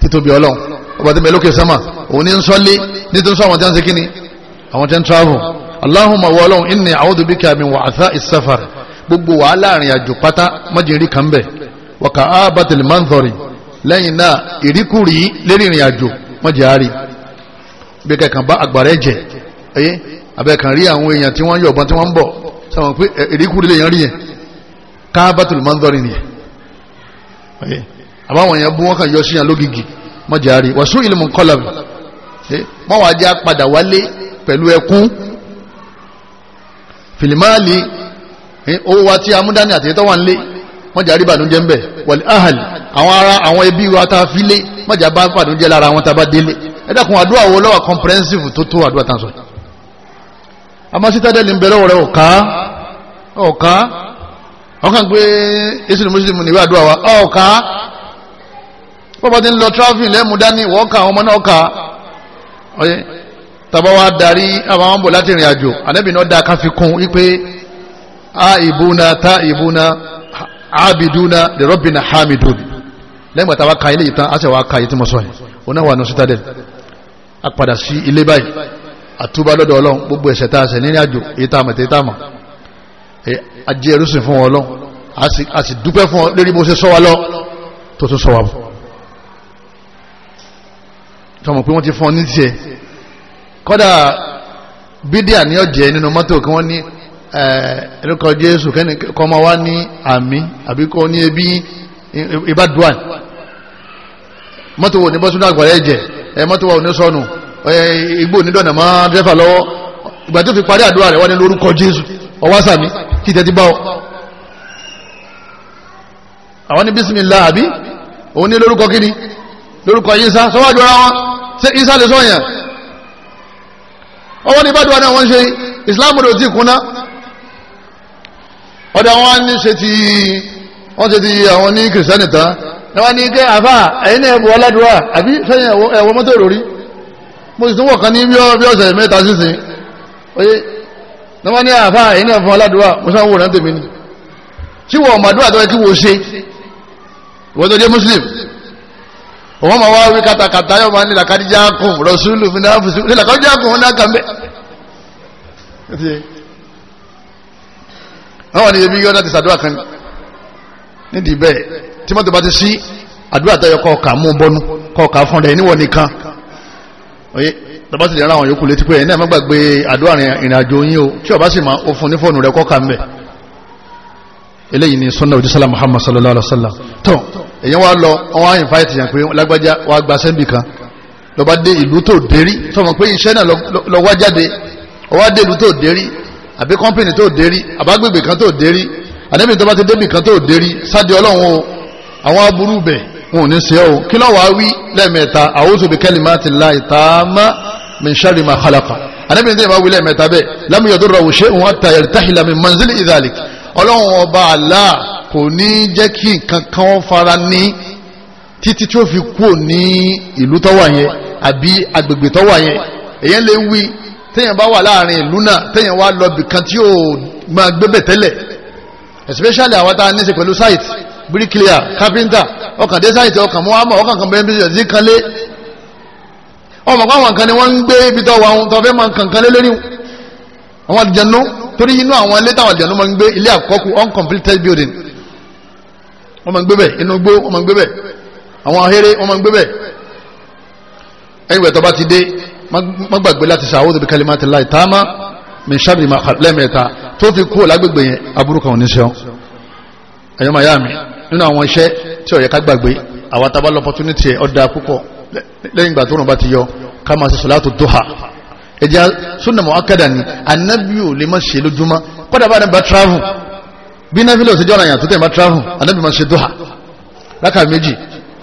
títóbi ọlọ́run ọba tí bẹ lókè sẹ́mà òun ní ń sọ́lé ní tí ń sọ àwọn tí wọ́n ń ṣe kíni àwọn tí ń travel Allahumma wa ọlọ́run inni a'udhu bika min wa'atha'i safar gbogbo wàhálà àrìn àjò pátá májèrí kan bẹ̀ wa ka'abatil manthari lẹ́yìn náà ìríkùrí lérí ìrìn àjò májèrí bí kẹ̀kàn bá àgbàrẹ́ jẹ ẹyẹ abẹ́kàn rí àwọn èèyàn tí wọ́n yọ̀bọ̀n tí wọ́n eh, yẹn bú wọn kàn yọ síyàn lógìgì mọ́jàrí wàṣú ìlmù kọlọ̀m mọ́ wàá jẹ́ padà wálé pẹ̀lú ẹkún fìlìmáàlì owó wa tí amúdání àti ìtọ́wà ńlé mọ́jàrí bànújẹ́ ń bẹ̀ wàlí ahàlì àwọn ará àwọn ẹbí wa tá a fi lé mọ́jà bá bànújẹ́ lára wọn tá a bá délé ẹ dákun àdúrà wo lọ́wọ́ comprehensive tó tó àdúrà tán sọ àmọ́ sítádẹ́lì ń bẹ lọ́wọ́ rẹ ọ̀ká ọ̀ká ọ̀kan pé èsì ni mùsùlùmí níwájú àwa ọ̀ká bọ́bá ti ń lọ tráfì lẹ́mú dání ìwọ́ ka ọmọ náà ka ọyẹ tàbá wa darí àwọn ọmọ láti rìn àjò ànábì náà da káfí kún wípé a ìbúna ta ìbúna abiduna de rọ́bìnà hamidun lẹ́gbàá tàbá ka ilé ìtàn àṣẹ wa ka èyí tí mo sọ yìí òun náà wà ní citadel a padà sí ilé báyìí àtúbà lọ́dọ̀ ọlọ́run gbogbo ẹ̀ṣẹ̀ tá a ṣẹ̀ nínú àjò èyí tá a mọ̀ tèyí tá a mọ̀ ajé ẹrú sìn fún wọn ọlọ́run a sì dúpẹ́ fún ọ lórí bó ṣe sọ wa lọ tó tún sọ wa fún tọmọ pé wọ́n ti fún ọ ní tiẹ̀ kọ́dà bídíà ní ọ̀jẹ̀ nínú mọ́tò kí wọ́n ní ẹ̀rọkọ jésù kẹ́ni kọ́mọ wá ní àmì àbí kọ́ ní ebi ìbádùá mọ́tò wò ní bọ́sùn àgbàrá ẹ̀jẹ̀ ẹ̀ mọ́tò wà ní sọnù igbó onídọ̀nà máa dẹ́fà lọ́wọ́ ìgbà tó fi parí àdúrà rẹ̀ wọ́n ní lórúkọ jésù ọwọ́ sàmì kí tẹ́tí bá ọ àwọn ní bísímìlá àbí òun ní lórúkọ kíni lórúkọ yín sá sọ́wọ́dúnra wọn ṣe isa lè sọyàn ọwọ́ ní bàdúrà náà wọ́n ṣe islam ló ti kúnná ọ̀dọ̀ àwọn ní ṣe ti wọ́n ṣe ti àwọn ní kìrìsìtẹ́nì tán ní wọ́n ní kẹ́ àfà ẹ̀yìn náà bu ọládùúrà àbí sẹ́yìn ẹ̀wọ́ mọ́tò rò rí mo sì tún wọ̀ kan ní bí ọ̀sẹ̀ mẹ́ta sísìn oye ní wọ́n ní àfà ẹ̀yìn náà fún ọládùúrà mo sọ wọ́n rántèmi ni tí wọ́n mọ̀ àdúrà tó yẹ kí wọ́n ṣe wọ́n tó jẹ́ muslim wọ́n ma wá wí katakata yọ́ ma ní làkàdíjá kùn rọ̀súlù fún náà fùsùn ní làkàdíjá kùn náà kàmbẹ́ wọ́n wà ní ebi yọ́dá ti sàdúrà kan nídìí bẹ́ẹ̀ tí mọ́tò bá ti sí àdúrà tẹ́yọ kọ́ọ̀ká mú bọ́nú kọ́ọ̀ká fún rẹ̀ níwọ̀n nìkan oye tọba ti lè ra àwọn yòókù létí pé ẹ̀ náà má gbàgbé àdúrà ìrìnàjò yín o tí ọba sì máa ó fún ní fóònù rẹ̀ kọ́ọ̀ká mbẹ́ eléyìí ni sunna ojú sálà muhammad sallallahu alaihi wa sallam tó èyàn wá lọ wọn á invite yàn pé lágbájá wàá gba sẹ́ńbì kan lọ́ba dé ìlú tó dérí tọmọ pé iṣẹ́ náà lọ́wọ́ jáde ọwọ́ dé ìlú tó dérí àbí kọ́ńpìnì tó dérí àbágbègbè kan tó dérí àdébìnrin tó bá ti débì kan tó dérí sáde ọlọ́run o àwọn aburú bẹ̀ wọn ò ní ṣe o kí lọ́wọ́ wí lẹ́ẹ̀mẹ́ta a'udhu bi kalimatillahi tamma min sharri ma khalaqa àdébìnrin tó yẹ ọlọ́run ọba Allah kò ní jẹ́ kí nǹkan kan fara ní títí tí ó fi kú ní ìlú tọ́wà yẹn àbí agbègbè tọ́wà yẹn èyàn lè wí téèyàn bá wà láàrin ìlú náà téèyàn wá lọ bìkan tí ó máa gbébẹ̀ tẹ́lẹ̀ especially àwọn tá a ní í ṣe pẹ̀lú site bricklayer carpenter ọkàn dé site ọkàn muhammed ọkàn kan bẹ́ẹ̀ bíi ọ̀dí kan lé ọmọ pàwọn kan ni wọ́n ń gbé ibi tọ́wọ́ àwọn tọ́fẹ́ máa kankan lé lórí àwọn àdìjẹ́nu torí inú àwọn ilé táwọn àjànú máa ń gbé ilé àkọ́kù uncompleted building wọ́n máa ń gbé bẹ̀ inú gbó wọ́n máa ń gbé bẹ̀ àwọn ahéré wọ́n máa ń gbé bẹ̀ ẹ̀yìn ìwẹ̀tọ́ bá ti dé má gbàgbé láti sàwọ́dọ̀ bí kalimati láì tá a má mi sábì máa lẹ́mẹ̀ẹ́ta tó fi kú lágbègbè yẹn aburú kan ò ní sẹ́wọ́n ẹ̀yọ́ mi nínú àwọn iṣẹ́ tí ó ká gbàgbé àwọn atabalọ́pọ̀tunítì duha ẹja sunna mu'akkada ni anabiu ò lè má ṣe lójúmọ́ kódà bá nàbà travel bí nàbí lè ṣèjọ́ ọ̀nàyàn tó tẹ̀ má travel anabi má ṣe duha rákà méjì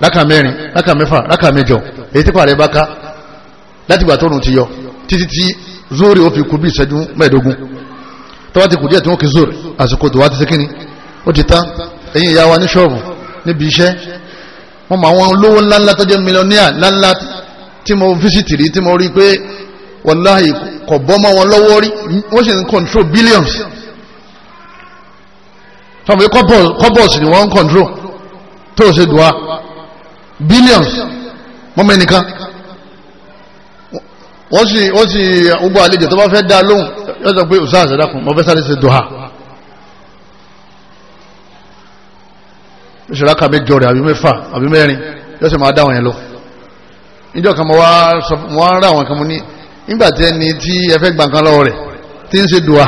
rákà mẹ́rin rákà mẹ́fà rákà mẹ́jọ èyí tí pàrẹ̀ bá ká láti gbà tóorùn ti yọ títí tí zóòrè ó fi kú bí ìṣẹ́jú mẹ́ẹ̀ẹ́dógún tọ́wọ́ ti kù díẹ̀ tí wọ́n kì í zóòrè àsìkò tó wá ti ṣe ó ti tán ẹ̀yin ìyá wa ní ṣọ́ọ̀bù níbi iṣẹ́ wọ́n mọ àwọn olówó ńláńlá tó jẹ́ mílíọ̀nìyà ńláńlá tí mo fíṣítì tí mo rí pé wàláhì kò bọ́mọ wọn lọ́wọ́ rí wọ́n sì ń control billions tọ́mọ̀ yìí kọ́bọ̀sì ni wọ́n ń control tó o ṣe dùn á billions mọ́mọ ẹnìkan wọ́n sì wọ́n sì gbogbo àlejò tó bá fẹ́ dá lóhùn yóò sọ pé ọ̀sán àṣẹ dákun mo fẹ́ sáré ṣe dùn á. ìṣòro aka mẹ́jọ rẹ̀ àbí mẹ́fà àbí mẹ́rin yóò sì máa dá wọn yẹn lọ níjọ́ kan mo wá ra àwọn kan mo ní nígbàtí ẹni tí ẹ fẹ́ gbà nǹkan lọ́wọ́ rẹ̀ tí ń ṣe dùà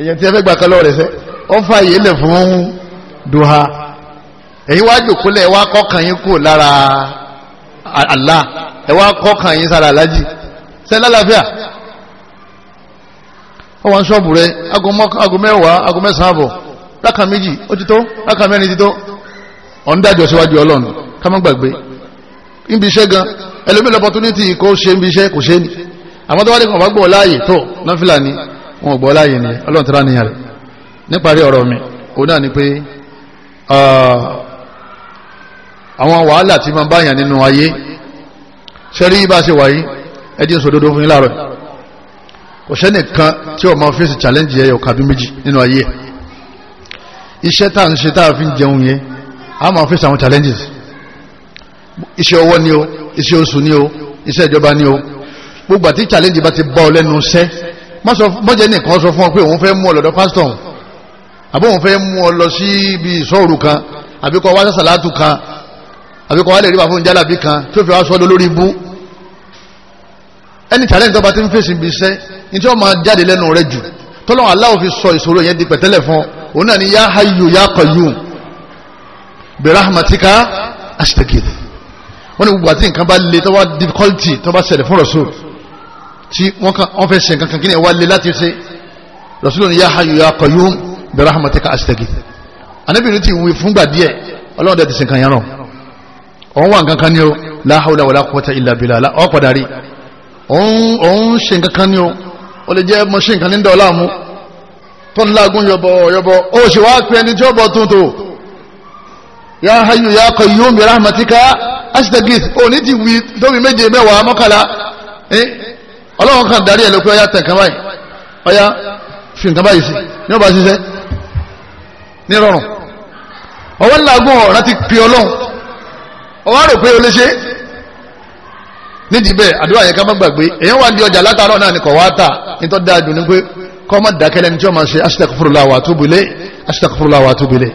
èyàn tí ẹ fẹ́ gbà nǹkan lọ́wọ́ rẹ̀ sẹ́ ọ fà yìí lẹ̀ fún dùà èyí wá ẹ wá kọ́kàn yín kò lára Allah ẹ wá kọ́kàn yín sára sẹ́ ọ wà ń ṣọ́ọ̀bù rẹ aago mẹ́wàá aago mẹ́sàn-án àbọ̀ ó ti tó ti tó ọ̀ ń dájọ́ síwájú gbàgbé níbi iṣẹ́ gan ẹlòmí lọ́pọ̀tunítì kó ṣe níbi iṣẹ́ kò ṣe ní àmọ́ tó wá ní kan gbọ́ láàyè tó náfìlà ni wọn gbọ́ láàyè ni ọlọ́run tíra nìyàn rẹ̀ níparí ọ̀rọ̀ mi òun náà ni pé àwọn wàhálà tí máa báyàn nínú ayé ṣẹ́rí bá ṣe wáyé ẹdí ń sòdodo fún yín láàrọ̀ kò ṣẹ́ nìkan tí ọmọ fèsì challenge yẹ ọ̀kà bí méjì nínú ayé iṣẹ́ tá à ń ṣe tá à fi ń jẹun yẹn a máa fèsì àwọn challenges iṣẹ́ ọwọ́ ni o iṣẹ́ oṣù ni o iṣẹ́ ìjọba ni o gbogbo àti challenge bá ti bá ọ lẹ́nu iṣẹ́ mọ́jẹ́ nìkan sọ fún ọ pé òun fẹ́ mú ọ lọ́dọ̀ pásítọ̀ àbí òun fẹ́ mú ọ lọ sí ibi ìṣọ́ọ̀rù kan àbí kọ́ wá sàlátù kan àbí kọ́ wá lè rí bàfún jálàbí kan tó fi wá sọ́dọ̀ lórí ibú ẹni challenge tó bá ti ń fèsì ibi iṣẹ́ ní tí wọ́n máa jáde lẹ́nu rẹ jù tọ́lọ́wọ́n aláwọ̀ fi sọ ìṣòro yẹn di pẹ̀tẹ́lẹ̀ fún òun náà ni yá hayyu yá qayyum bi rahmatika wọ́n ní gbogbo àti nǹkan bá le tó difficulty tó bá ṣẹlẹ̀ fún rasul tí wọ́n fẹ́ ṣe nǹkan kan kí ni ẹ̀ wá le láti ṣe rasul ni ya hayyu ya qayyum bi rahmatika astaghi anabirin ti wí fúngbà díẹ̀ ọlọ́run dẹ̀ ti ṣe nǹkan yẹn rán òun wà nǹkan kan ní o la hawla wala quwwata illa billah ọ̀ padà rí òun ṣe nǹkan kan ní o ó lè jẹ́ mọ́ ṣe nǹkan ní dọ̀ọ́lá mu tó ń lágún yọbọ yọbọ ó sì wá pẹ́ tí ó bọ̀ tuntun ya hayyu ya qayyum bi rahmatika astaghith òní ti wí tóbi méje mẹ́wàá mọ́kànlá ọlọ́run kan darí ẹ̀ ló pé ọyá tẹ̀ nǹkan báyìí ọyá fi nǹkan báyìí sí ní ọba ṣiṣẹ́ ní rọrùn ọwọ́ ńlágún ọ̀rá ti pè ọlọ́run ọwọ́ rò pé o lè ṣe nídìí bẹ́ẹ̀ àdúrà yẹn ká má gbàgbé èèyàn wà ní ọjà látàárọ̀ náà ni kò wá tà nítorí dáa dùn ní pé kọ́ mọ́ dákẹ́lẹ́ni tí wọ́n máa ṣe astaghfirullah wa atubu ilayh astaghfirullah wa atubu ilayh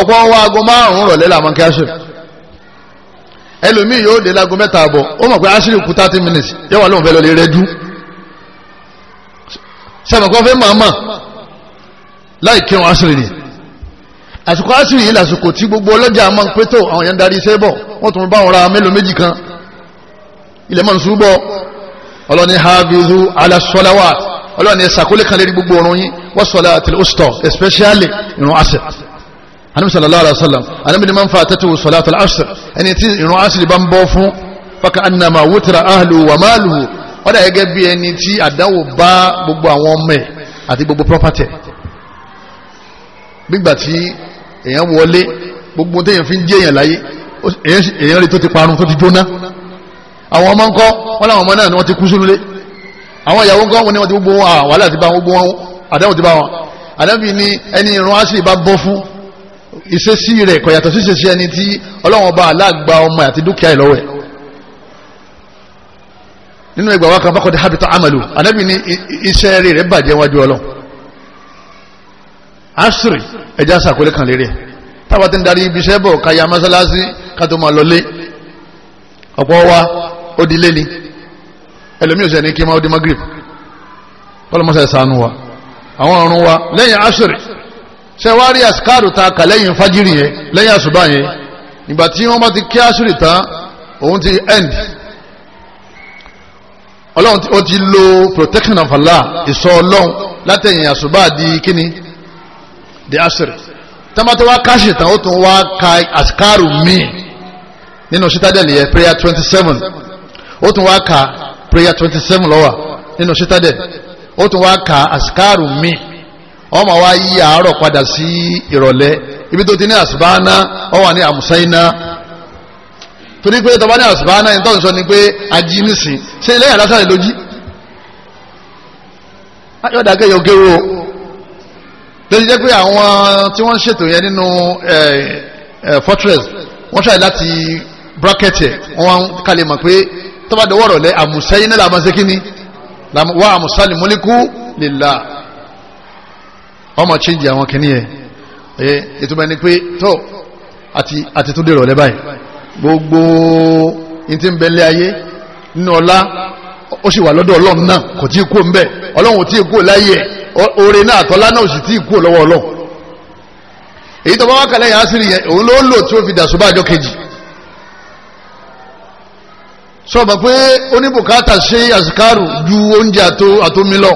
ọ̀pọ̀ wa aago márùn-ún rọ̀lẹ́ làwọn kí aṣọ ẹlòmíì yóò dé láago mẹ́ta àbọ̀ ó mọ̀ pé aṣírí kú thirty minutes yóò wà lóun fẹ́ lọ lè rẹ́jú sẹ́mọ̀kọ́ fẹ́ màmá láì kírun aṣírí ni àsìkò aṣírí yìí làsìkò tí gbogbo ọlọ́jà máa ń pétò àwọn yẹn ń darí iṣẹ́ bọ̀ wọ́n tún bá wọn ra mélòó méjì kan ilẹ̀ mọ̀ ń súbọ̀ ọlọ́ni hafizu ala salawat ọlọ́ni ẹ̀sàkólé kan lérí gbogbo ọ̀run yín wa salatil anabi sallallahu alaihi wasallam anabi ni man fatatu salatu al-asr ẹni tí ìrun asiri bá ń bọ́ fún faka annama wutra ahlu wa maluhu wọ́n dà gẹ́gẹ́ bí ẹni tí àdáwò bá gbogbo àwọn ọmọ ẹ̀ àti gbogbo property nígbà tí èèyàn wọlé gbogbo téèyàn fi ń jẹ́ èèyàn láyé èèyàn rí tó ti parun tó ti jóná àwọn ọmọ ńkọ́ wọ́n láwọn ọmọ náà ni wọ́n ti kú sínú ilé àwọn ìyàwó ńkọ́ wọ́n ni wọ́n ti gbogbo wọn àwàlẹ́ àti bá wọn gbogbo wọn àdáwò ti bá wọn àdábì ni ẹni ìrun asiri bá bọ́ fún ìṣesí rẹ̀ kò yàtọ̀ sí ìṣesí ẹni tí ọlọ́wọ́n bá aláàgbà ọmọ àti dúkìá ẹ̀ lọ́wọ́ ẹ̀ nínú ẹgbàá wa kan bá habita amalu anabi ni iṣẹ́ rẹ̀ rẹ̀ bàjẹ́ wájú ọlọ́ asiri ẹja sàkólé kan lérí ẹ̀ táwa ti ń darí ibi iṣẹ́ bọ̀ káyà mọ́sálásí kátó máa lọlé ọ̀pọ̀ wa ó di lé ni ẹlòmíràn sẹ́ni kí n máa ó di magrib kọ́lọ́mọ́sá ẹ̀ sànú wa àwọn ọ̀run wa lẹ́yìn asiri ṣe wá rí àsìkáàrù ta kà lẹ́yìn fájírì yẹn lẹ́yìn àṣùbà yẹn ìgbà tí wọ́n bá ti kí àṣùrì tán òun ti end ọlọ́run ó ti lo protection of Allah ìsọ ọlọ́run látẹ̀yìn àṣùbà di kíni di àṣùrì tọ́mọ́tò wá káṣì tán ó tún wá ka àsìkáàrù míì nínú citadel yẹn prayer twenty seven ó tún wá ka prayer twenty seven lọ́wọ́ nínú citadel ó tún wá ka àsìkáàrù míì ọmọ wa yí àárọ̀ padà sí ìrọ̀lẹ́ ibi tó ti ní àsùbáná ọ wà ní àmùsáyíná torí pé tọba ní àsùbáná yẹn tó ń sọ ni pé ají nísìn ṣe ilé yàrá lójí ayọ̀dà ah, kẹyọ kéwò lójú jẹ́ pé àwọn tí wọ́n ṣètò yẹn nínú fortress wọ́n ṣàyẹ̀ láti bracket ẹ̀ wọ́n kalẹ̀ mọ̀ pé tọ́ba dọwọ́ rọ̀lẹ́ àmùsáyíná làmọ́sẹ́kíní wà àmùsálìmọ́líkù lillah ọmọ change àwọn kìíní ẹ̀ ẹ̀ ètò bẹ́ẹ̀ ni pé tó àti àti tó dèrò ọ̀lẹ́ báyìí gbogbo ní ti ń bẹ lé ayé nínú ọlá ó sì wà lọ́dọ̀ ọlọ́run náà kò tí ì kú ńbẹ ọlọ́run ò tí ì kú láyé ẹ̀ oore náà àtọ́lá náà ò sì tí kú lọ́wọ́ ọlọ́run èyí tó bá wá yà á sì rí yẹn òun ló lò tí ó fi dàsó bá àjọ kejì sọ ma pé oníbùkátà ṣe àsìkárù ju oúnjẹ àtomi lọ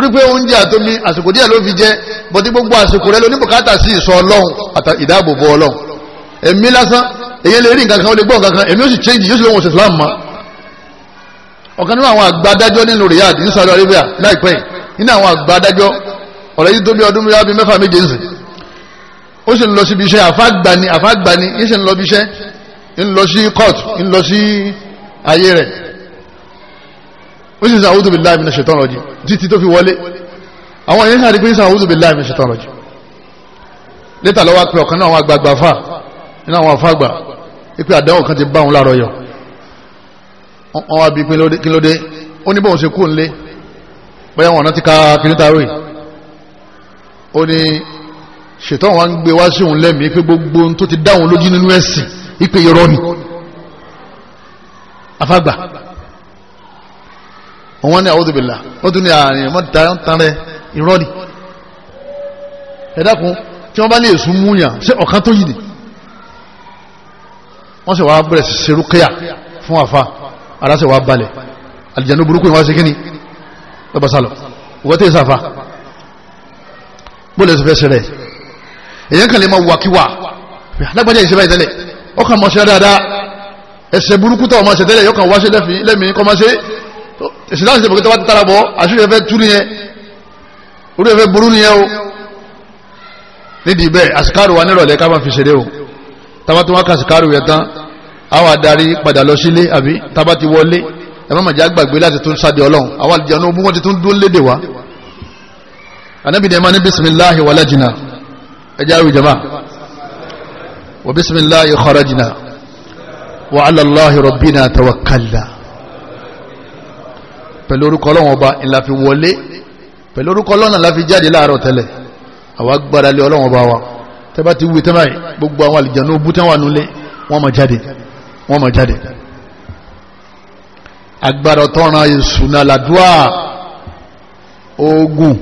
torí pé oúnjẹ àtomi àsìkò díẹ̀ ló fi jẹ bọ́tí gbogbo àsìkò rẹ lóní bùkátà sí ìsọ ọlọ́run àtà ìdáàbòbò ọlọ́run ẹ̀mí lásán èyí lè rí nǹkan kan ó lè gbọ́ nǹkan kan èmi ó sì change yóò sì lóhun Islam ma ọ̀kan nínú àwọn àgbà adájọ́ nínú Riyadh ní Saudi Arabia láìpẹ́ nínú àwọn àgbà adájọ́ ọ̀rẹ́ yìí tó bí ọdún bíi mẹ́fà méje ń sìn ó sì ń lọ síbi iṣẹ́ àfágbani àfágbani yìí sì ń lọ bí iṣẹ́ ń lọ sí court ń lọ sí ayé rẹ̀ ó sì sàn àwùjọ bìláì mìíràn ṣètàn lọ́jì títí tó fi wọlé àwọn yẹn sàn àdìgbé sàn àwùjọ bìláì mìíràn ṣètàn lọ́jì létà lọ́wọ́ pé ọ̀kan náà àwọn àgbààgbà fà nínú àwọn àfàgbà pé àdánwò kan ti bá òun láàárọ̀ yọ wọ́n wá bí kí ló dé ó ní bóun ṣe kú nílé bóyá wọn ti ka kìnnìtàwé ó ní ṣètàn wa ń gbé wá sí òun lẹ́mìí pé gbogbo ohun tó ti dáhùn lójú nínú ẹ̀sìn ìpè yọrọ ni àfàgbà wọ́n ní a'udhu billah wọ́n tún ní àárín ah, ẹ̀mọ́ tán rẹ ìrọ́dì ẹ̀dàkùn tí wọ́n bá ní èsù múyàn ṣé ọ̀kan tó yìí ni wọ́n sì wá bẹ̀rẹ̀ sí serúkẹ́yà fún àfa ara sì wá balẹ̀ àlìjànú burúkú ìwọ́n sí kíni lọ́ba sálọ wọ́n tẹ̀ sáfa bó lè fẹ́ sẹ́rẹ̀ èyàn kan lè máa wàkíwà lágbájá ìṣẹ́ báyìí tẹ́lẹ̀ ọkàn mọ̀ ṣe dáadáa ẹ̀ṣẹ̀ burúkú tó ọmọ ṣe tẹ́lẹ̀ yọkàn wá ṣe lẹ́mìí kọ́ máa ṣe ìsìláàsì tẹ̀bọ̀ kí tọ́wọ́ tara bọ̀ àṣírí ẹ̀fẹ́ tú nìyẹn orí ẹ̀fẹ́ burú nìyẹn o nídìí bẹ́ẹ̀ àsìkáàrù wa nírọ̀lẹ́ ká máa fi ṣeré o tábà tó wá ká àsìkáàrù yẹn tán àwa adarí padà lọ sílé àbí tábà ti wọlé ẹ má màjá gbàgbé láti tún sáde ọlọ́run àwa àlùjànnú ogún wọn ti tún dún léde wa anabi ní ẹ máa ní bisimilahi walajina ẹ jẹ́ àwọn ìjọba wa bisimilahi kharajina wa ala Allahi rabbina tawakkalna pẹ̀lú orúkọ ọlọ́run ọba ńlá fi wọlé pẹ̀lú orúkọ ọlọ́run ńlá fi jáde láàárọ̀ tẹ́lẹ̀ àwa gbára lé ọlọ́run ọba wa tẹ́bá ti wí tẹ́bá yìí gbogbo àwọn àlìjànú bú tẹ́wà nulẹ̀ wọ́n máa jáde wọ́n máa jáde agbára tọ́ran ìsúná làdúà oògùn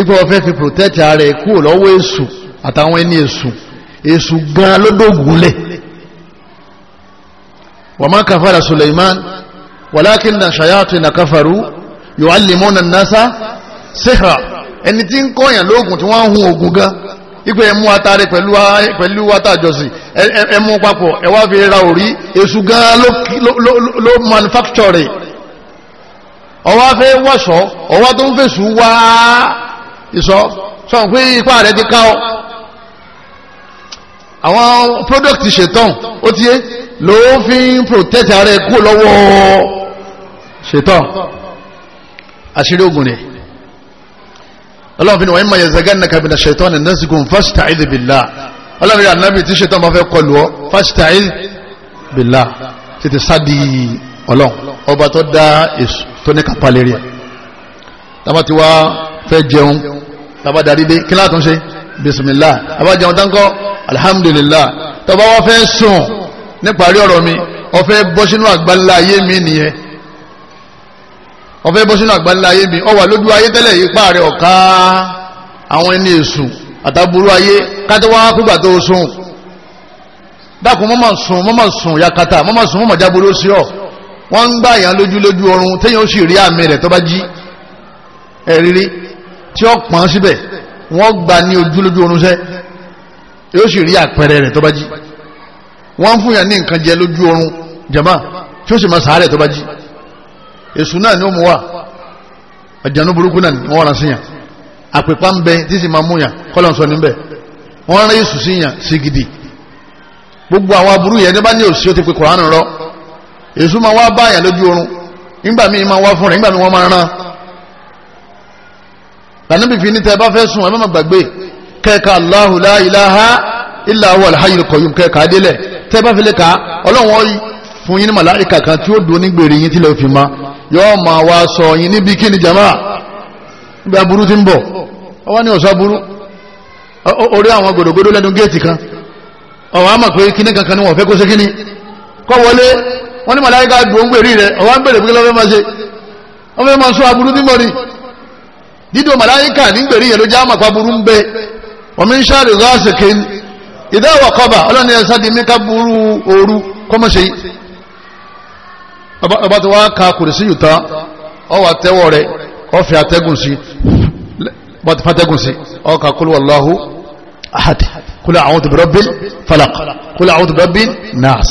ipò ọ̀fẹ́ fi protect ààrẹ kúrò lọ́wọ́ èṣù àtàwọn ẹni èṣù èṣù gan lódògùn lẹ̀ wàmá Suleiman walakinna shayatina kafaru yuallimuna nasa sihra ẹni tí ń kọ́yàn lóògùn tí wọ́n ń hun ògùn gan ipe ẹmu atare pẹ̀lú pẹ̀lú atajọsi ẹmu papọ̀ ẹwà fi ra òrí èṣù gan ló manufacture ọwọ́ fẹ́ wọ̀ṣọ́ ọwọ́ tó ń fèṣù wá ìṣọ́ sọ pé ipá rẹ̀ ti ká ọ àwọn product ṣetán ó tiẹ̀ ló fi ń protect ara ẹ̀ kú lọ́wọ́ ṣetán àṣírí ogun rẹ̀ ọlọ́run fi ni wọ́n yín máa yẹ zagán nàkà bìnà ṣetán nínú ṣìkún fasta'idh billah ọlọ́run yà nábì tí ṣetán bá fẹ́ kọlu ọ fasta'idh billah tètè sádi ọlọ́run ọba tó dá èso tó ní kápá lérí ẹ̀ tábà tí wá fẹ́ jẹun tábà darí dé kí láàtún ṣe bismillah tábà jẹun tán kọ́ alhamdulillah tọ́ba wá fẹ́ sùn níparí ọ̀rọ̀ mi ọ fẹ́ àgbáńlá ayé mi nìyẹn ọ̀fẹ́ bọ́ sínú àgbáńlá ayé mi ọ wà lójú ayé tẹ́lẹ̀ yìí páàrẹ ọ̀ká àwọn ẹni èṣù àtàbúrú ayé kátẹ́wá pígbà tó sùn dákun mọ́mọ́ sùn mọ́mọ́ sùn yakata mọ́mọ́ sùn mọ́mọ́ jábọ̀ ló sí ọ wọ́n ń gbà yàn lójú lójú ọrùn téèyàn ó sì rí àmì rẹ̀ tó bá jí ẹ̀rírí tí ó pọ̀n síbẹ̀ wọ́n gbà ní ojú lójú ọrùn sẹ́ yóò sì rí àpẹẹrẹ rẹ̀ tó bá jí wọ́n fún yàn ní nǹkan jẹ lójú ọrùn jàmá tí ó sì máa sàárẹ̀ tó bá jí esu náà ni ó mú wa àjànú burúkú náà ni wọ́n rán sí yàn àpèpá ń bẹ tí sì máa mú yàn kọ́lọ̀ ń sọ níbẹ̀ wọ́n rán sí yàn gidi gbogbo àwọn aburú yẹn ní bá ní òsì ó ti pe kòránù rọ èṣù máa wá bá yàn lójú oorun nígbà míì máa wá fún nígbà míì wọ́n máa rán fi bá fẹ́ sùn ẹ la al-hayyul qayyum kẹ́ẹ̀ka adélẹ̀ tẹ́ bá fi lè ka ọlọ́run fún yín ní màláìkà kan tí ó dùn ní gbèrè yín ma yóò máa wá sọ yín níbi ni jama níbi aburú ti ń bọ̀ ọ ní ọ̀sọ́ aburú orí àwọn gbòdògbòdò lẹ́nu géètì kan pé kíní kankan ni wọ́n fẹ́ kó kíní kọ́ wọlé wọ́n ní dùn gbèrè bèrè pé ṣe wọ́n fẹ́ sọ aburú ti ń bọ̀ ni dídò màláìkà ní gbèrè yẹn ló ń bẹ ọ̀mí ọba tí wọ́n á ka kùrìsí yìí tán ọwọ́ àtẹ́wọ́ rẹ̀ ọ̀fẹ́ àtẹ́gùn sí ọba tí fàtẹ́gùn sí ọkà kúlù wàláhù ahad kúlù àwọn tòbí rọ́bìn falak kúlù àwọn tòbí rọ́bìn nas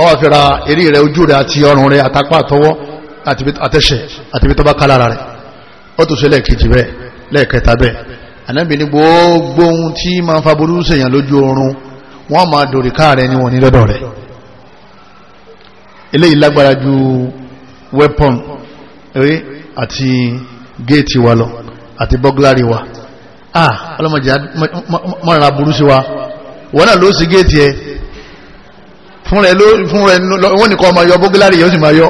ọwọ́ àfẹ́ra eré rẹ̀ ojú rẹ̀ àti ọrùn rẹ̀ àtàpá àtọwọ́ àtẹ̀ṣẹ̀ àtẹ̀bí tọ́ba kálára rẹ̀ ó tún ṣe lẹ́ẹ̀kejì bẹ́ẹ̀ lẹ́ẹ̀kẹta bẹ́ẹ̀ ànábì ní gbogbo ohun tí máa ń fa burú sèèyàn lójú oorun wọ́n máa dòrìká rẹ̀ ni wọ́n ní lọ́dọ̀ rẹ̀ eléyìí lágbára ju weapon eré àti géètì wa lọ àti bọ́gláàrì wa ah ọlọ́mọdé mọ́ra burú sí wa wọ́n náà ló sì géètì ẹ fúnra ẹ wọ́n nìkan ọmọ yọ bọ́gláàrì yóò sì máa yọ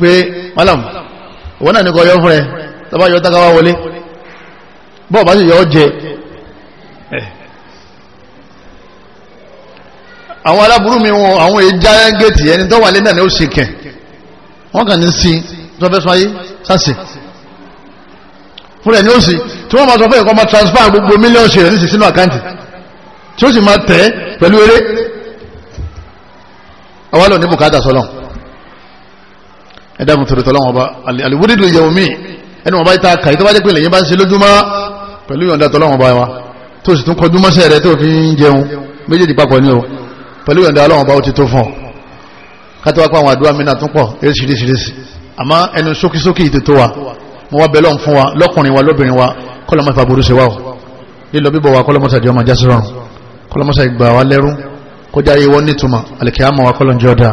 pé malam wọ́n náà nìkan yọ fúnra ẹ tọ́bá yọ tágáwá wọlé bọ́ọ̀ bá sì yọ ọ jẹ àwọn aláburú mi wọn àwọn èjá gẹ̀ẹ́tì ẹni tó wà lẹ́nà ni ó sì kẹ̀ wọ́n kàn ní sí tó fẹ́ sọ ayé sáṣẹ fúnra ẹni ó sì tí wọ́n máa sọ fún ẹ̀kọ́ máa transfer gbogbo mílíọ̀nù ṣe rẹ̀ ní sísínú àkáǹtì tí ó sì máa tẹ̀ pẹ̀lú eré àwa lọ ní bùkátà sọlọ ẹ̀dá mùtòrò tọ́lọ́ wọn bá àlìwúdìdì ìyẹ̀wò míì ẹni wọn bá ta kàyí tó bá jẹ́ pé lèyìn bá ń ṣe lójúmọ́ pẹ̀lú ìyọ̀ǹda tọ́lọ́ wọn bá wa tó sì tún kọjú mọ́sẹ̀ rẹ̀ tó fi ń jẹun méjèèjì papọ̀ ní o pẹ̀lú ìyọ̀ǹda ọlọ́run bá ó ti tó fún ọ kátó wá pa àwọn àdúrà mìíràn tó pọ̀ eréṣiríṣiríṣi àmọ́ ẹnu ṣókíṣókí ìtè tó wa mo wá bẹ lọ́n fún wa lọ́kùnrin wa lóbìnrin wa kọ́lọ́mọ́ ìfà burú sí wa o lílọ bíbọ̀ wa kọ́lọ́mọ́ sàdí ọmọ jásí rọrùn kọ́lọ́mọ́ sàdí gbà wá lẹ́rú kọjá ayé wọn nítumọ̀ alikiyama wa kọ́lọ́n jọ da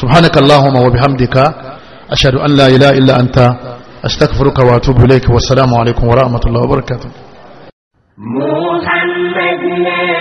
subhanaka allahumma wa bihamdika ashhadu an la ilaha illa anta astaghfiruka wa atubu ilayk wa assalamu alaikum wa rahmatullahi wa barakatuh muhammad